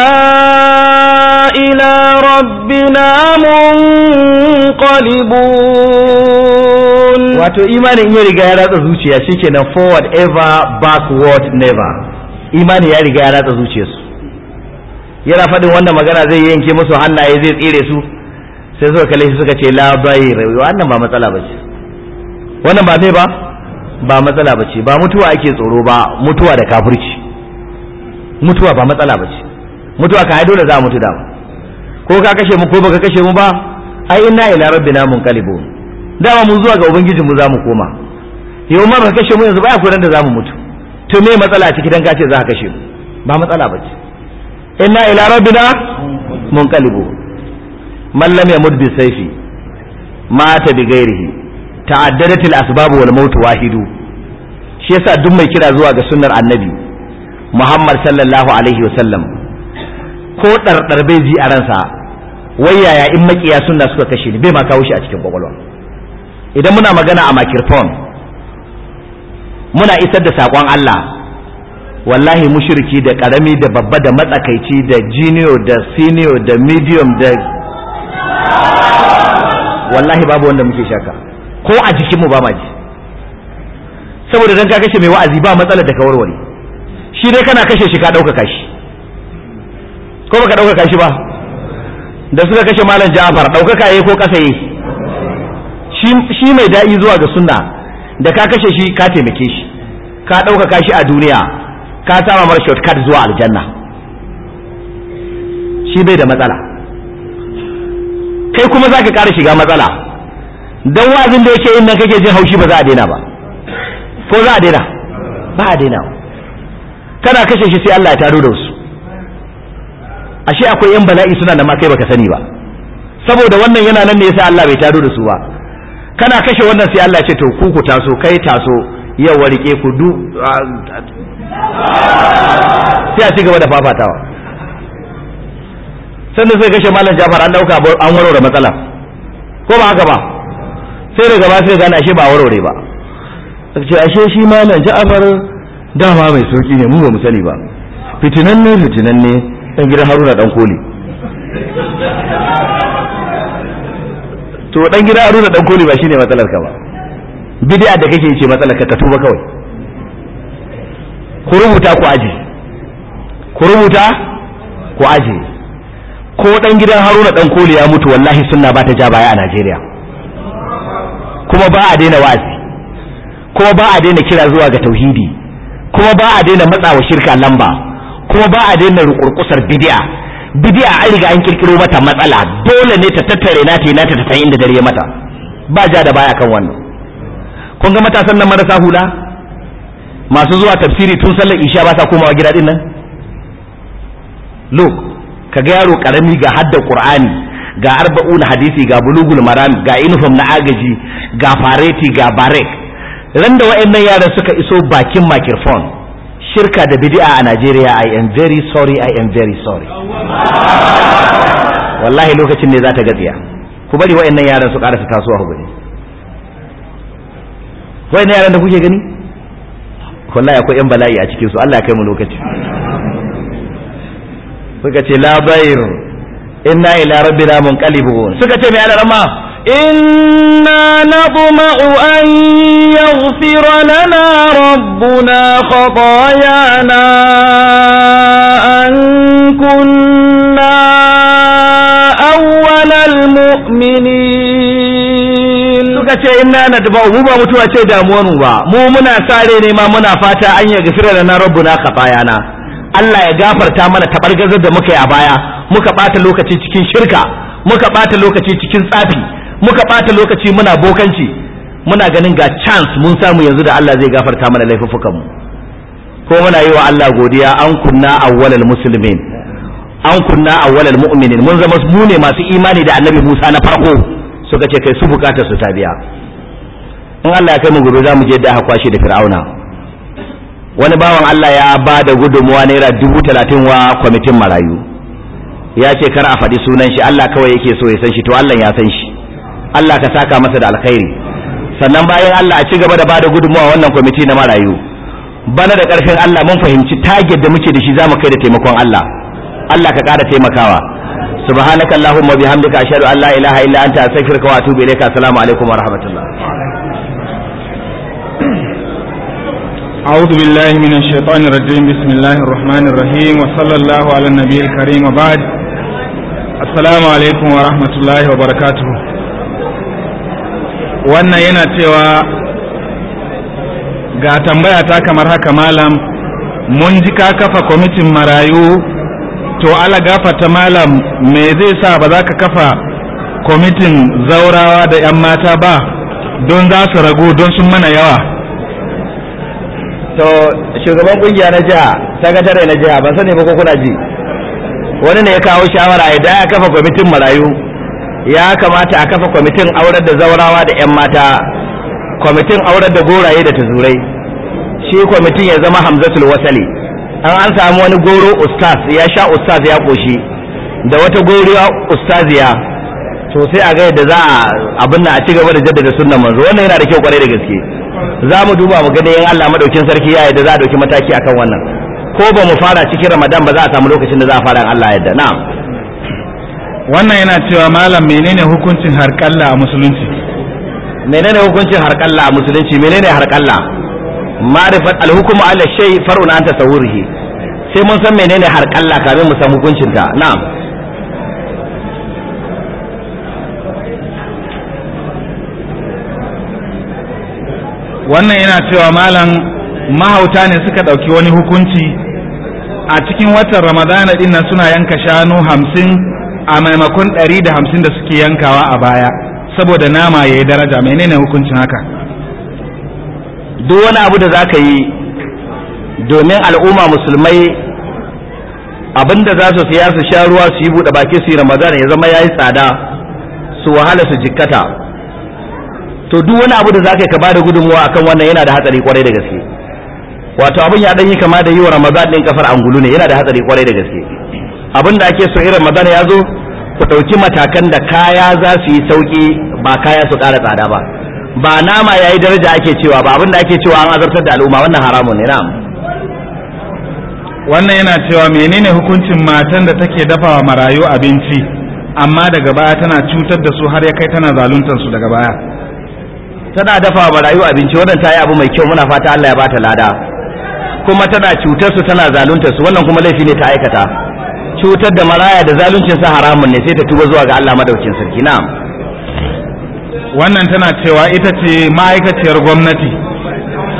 ila rabbina munqalibun wato imanin ya riga ya ratsa zuciya shikenan forward ever backward never imani ya riga ya ratsa zuciyarsu yana faɗin wannan magana zai yanke musu hannaye zai tsire su sai suka kalle shi suka ce la bayr wannan ba matsala bace wannan ba me ba ba matsala bace ba mutuwa ake tsoro ba mutuwa da kafirci mutuwa ba matsala bace mutuwa ka dole za mutu da ko ka kashe mu ko baka kashe mu ba ai inna ila rabbina munqalibun dama mun zuwa ga ubangiji mu za mu koma yau ma baka kashe mu yanzu ba ya kuran da za mu mutu to me matsala a ciki dan ka ce za ka kashe mu ba matsala bace inna ila rabbina munqalibu man lam yamud bi sayfi mata bi ghairihi ta'addadat al asbab wal maut wahidu shi yasa duk mai kira zuwa ga sunnar annabi Muhammad sallallahu alaihi wasallam ko dardar bai ji a ransa wai yaya in makiya sunna suka kashe ni bai ma kawo shi a cikin kwakwalwa idan muna magana a makirfon, muna isar da sakon Allah wallahi mushriki da karami da babba da matsakaici da junior da senior da medium da wallahi babu wanda muke shaka ko a jikinmu ba ma ji saboda dan ka kashe mai wa'azi ba matsalar da ka warware shi dai kana kashe shi ka ɗaukaka shi ko baka ɗaukaka shi ba da suka kashe malam ja'far ɗaukaka yayi ko ƙasa yayi shi mai da'i zuwa ga sunna da ka kashe shi ka taimake shi ka ɗaukaka shi a duniya ka sama mara shortcut zuwa aljanna shi bai da matsala kai kuma za ka ƙara shiga matsala don wazin da yake yin nan kake jin haushi ba za a daina ba ko za a daina ba a daina kana kashe shi sai Allah ya taro da wasu ashe akwai yan bala'i suna da ma kai baka sani ba saboda wannan yana nan ne yasa Allah bai taro da su ba kana kashe wannan sai Allah ya ce to ku ku taso kai taso yau warike ku du sai a ci gaba da fafatawa sannan sai kashe malam jafar an dauka an warware matsala ko ba haka ba sai daga ba sai gane ashe ba warware ba ce ashe shi malam jafar dama mai sauki ne mu ba mu sani ba fitinan ne dan gidan haruna dan koli to dan gidan haruna dan koli ba shine matsalar ka ba bid'a da kake ce matsalar ka ta tuba kawai ku rubuta ku aje ku rubuta ku aje ko dan gidan haruna dan koli ya mutu wallahi sunna ba ta ja baya a najeriya kuma ba a daina wa'azi kuma ba a daina kira zuwa ga tauhidi kuma ba a daina matsawa shirka lamba kuma ba a daina rukurkusar bidiya bidiya an riga an kirkiro mata matsala dole ne ta tattare na ta na ta tafi inda dare mata ba ja da baya kan wannan kun ga matasan nan marasa hula masu zuwa tafsiri tun sallar isha ba sa komawa gida din nan look ga yaro karami ga hadda qur'ani ga arba'un hadisi ga bulugul maram ga uniform na agaji ga fareti ga barek ran da wayannan yaran suka iso bakin microphone shirka da bid'a a Najeriya I am very sorry I am very sorry wallahi lokacin ne za ta gatsiya ku bari wayannan yaran su karasa tasowa ku gani wayannan yaran da kuke gani wallahi akwai yan bala'i a cikin su Allah ya kai mu lokaci suka ce la bayr inna ila rabbina munqalibun suka ce me rama inna نطمع an يغفر lana rabbuna khatayana an kunna. na na nadba'u mu ba mutuwa ce damuwar mu ba mu muna sare ne ma muna fata an ya gafira na rabbuna khatayana Allah ya gafarta mana tabargazar da muka yi a baya muka bata lokaci cikin shirka muka bata lokaci cikin tsafi muka bata lokaci muna bokanci muna ganin ga chance mun samu yanzu da Allah zai gafarta mana laifuffukan mu ko muna yi wa Allah godiya an kunna awwalal muslimin an kunna awwalal mu'minin mun zama mu ne masu imani da annabi Musa na farko suka ce kai su bukatar su ta biya in Allah ya kai mu gobe za mu je da aka da fir'auna wani bawan Allah ya ba da gudunmuwa naira dubu talatin wa kwamitin marayu ya ce kar a faɗi sunan shi Allah kawai yake so ya san shi to Allah ya san shi Allah ka saka masa da alkhairi sannan bayan Allah a ci gaba da gudummawa gudunmuwa wannan kwamiti na marayu bana da ƙarfin Allah mun fahimci target da muke da shi za mu kai da taimakon Allah Allah ka ƙara taimakawa subhanakallahumma bihamdika ashhadu an la ilaha illa anta astaghfiruka wa atubu ilayka assalamu alaikum wa rahmatullah أعوذ بالله من الشيطان الرجيم بسم الله الرحمن الرحيم وصلى الله على النبي الكريم وبعد السلام عليكم ورحمة الله وبركاته wannan yana cewa ga tambayata kamar haka malam mun ji ka kafa kwamitin marayu to ala gafata malam me zai sa ba za ka kafa kwamitin zaurawa da 'yan mata ba don za su ragu don sun mana yawa to shugaban kungiya na jiha sakatare na jiha ban sani ba ko kuna ji wani ne ya kawo shawara ya da ya kafa kwamitin marayu ya kamata a kafa kwamitin aurar da zaurawa da yan mata kwamitin aurar da goraye da tuzurai shi kwamitin ya zama hamzatul wasali an an samu wani goro ustaz ya sha ustaz ya koshi da wata goriya ustaziya to sai a ga yadda za a abin a ci gaba da jaddada sunnan manzo wannan yana da kyau kwarai da gaske za mu duba mu ga dai Allah madaukin sarki ya da za a dauki mataki akan wannan ko ba mu fara cikin Ramadan ba za a samu lokacin da za a fara Allah yadda na'am wannan yana cewa malam menene hukuncin harkalla a musulunci menene hukuncin harkalla a musulunci menene harkalla ma'rifat al-hukmu ala shay far'un an tasawwurihi sai mun san menene harkalla kamin mu san hukuncin ta na'am wannan yana cewa malam mahauta ne suka ɗauki wani hukunci a cikin watan ramadana ɗin nan suna yanka shanu hamsin a maimakon ɗari da hamsin da suke yankawa a baya saboda nama ya daraja menene hukuncin haka duk wani abu da za ka yi domin al'umma musulmai abinda za su siya su sha ruwa su yi buɗe baki su yi ramadana ya zama ya yi tsada su wahala su jikkata to duk wani abu da zaka ka bada gudunmuwa akan wannan yana da hatsari kwarai da gaske wato abin ya dan yi kama da yi wa ramadan din kafar angulu ne yana da hatsari kwarai da gaske abin da ake so irin ramadan ya zo ku ɗauki matakan da kaya za su yi sauki ba kaya su ƙara tsada ba ba nama yayi daraja ake cewa ba abin da ake cewa an azartar da al'umma wannan haramun ne na'am wannan yana cewa menene hukuncin matan da take dafawa marayu abinci amma daga baya tana cutar da su har ya kai tana zaluntar su daga baya tana dafa marayu abinci wannan ta yi abu mai kyau muna fata Allah ya bata lada kuma tana cutar su tana zaluntar su wannan kuma laifi ne ta aikata cutar da maraya da zaluncin sa haramun ne sai ta tuba zuwa ga Allah madaukin sarki na'am wannan tana cewa ita ce ma'aikaciyar gwamnati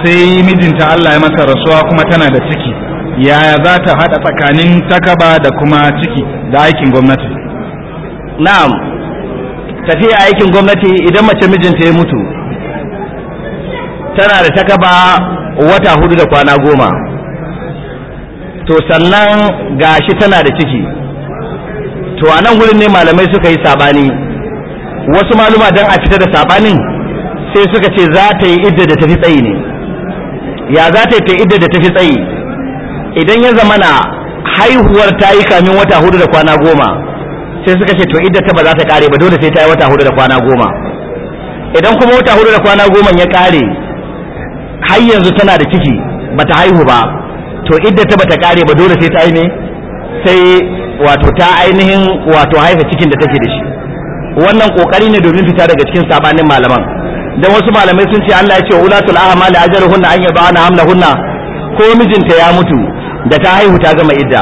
sai mijinta Allah ya masa rasuwa kuma tana da ciki yaya za ta haɗa tsakanin takaba da kuma ciki da aikin gwamnati na'am tafiya aikin gwamnati idan mace mijinta ya mutu tana da takaba wata hudu da kwana goma to sannan gashi tana da ciki to a nan wurin ne malamai suka yi sabani wasu maluma don a fita da sabanin sai suka ce za ta yi idda da tafi tsayi ne ya za ta yi ta idda da tafi tsayi idan ya zamana haihuwar ta yi kamin wata hudu da kwana goma sai suka ce to idda ta ba za ta kare ba dole sai ta yi wata hudu da kwana goma idan kuma wata hudu da kwana goma ya kare har yanzu tana da ciki bata haihu ba to idda ta bata kare ba dole sai ta aine sai wato ta ainihin wato haifa cikin da take da shi wannan kokari ne domin fita daga cikin sabanin malaman dan wasu malamai sun ce Allah ya ce ulatul ahmal ajruhunna an yabana hamlahunna ko mijinta ya mutu da ta haihu ta gama idda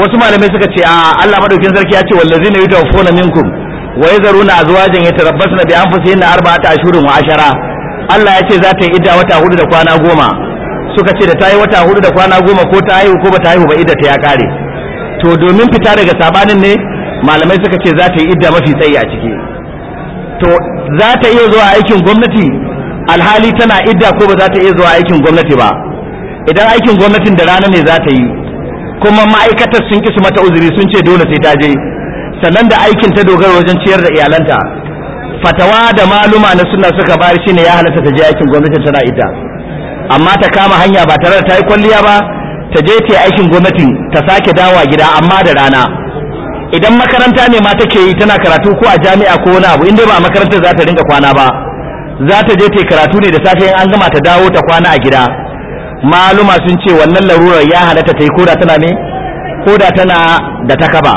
wasu malamai suka ce a Allah madaukin sarki ya ce wallazina yutawfuna minkum wa yazaruna azwajan yatarabbasna bi anfusihinna arba'ata ashhurin wa ashara Allah ya ce za ta yi idda wata hudu da kwana goma suka ce da ta yi wata hudu da kwana goma ko ta haihu ko ba ta haihu ba idda ta ya kare to domin fita daga sabanin ne malamai suka ce za ta yi idda mafi tsayi a ciki to za ta iya zuwa aikin gwamnati alhali tana idda ko ba za ta iya zuwa aikin gwamnati ba idan aikin gwamnatin da rana ne za ta yi kuma ma'aikatar sun kisu mata uzuri sun ce dole sai ta je sannan da aikin ta dogara wajen ciyar da iyalanta fatawa da maluma na suna suka bayar shine ya halatta ta je aikin gwamnati tana ita amma ta kama hanya ba tare da ta yi kwalliya ba ta je ta aikin gwamnatin ta sake dawa gida amma da rana idan makaranta ne ma take yi tana karatu ko a jami'a ko wani abu inda ba a makarantar za ta dinga kwana ba za ta je ta karatu ne da safe in an gama ta dawo ta kwana a gida maluma sun ce wannan larurar ya halatta ta yi koda tana ne koda tana da takaba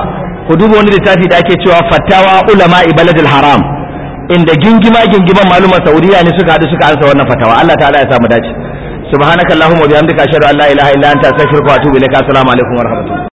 ku duba wani littafi da ake cewa fatawa ulama ibaladul haram inda gingima gingiman maluman saudiya ne suka hadu suka ansa wannan fatawa Allah ta'ala ya samu dace subhanakallahumma wa bihamdika ashhadu an la ilaha illa anta astaghfiruka wa atubu ilaik assalamu alaikum wa rahmatullahi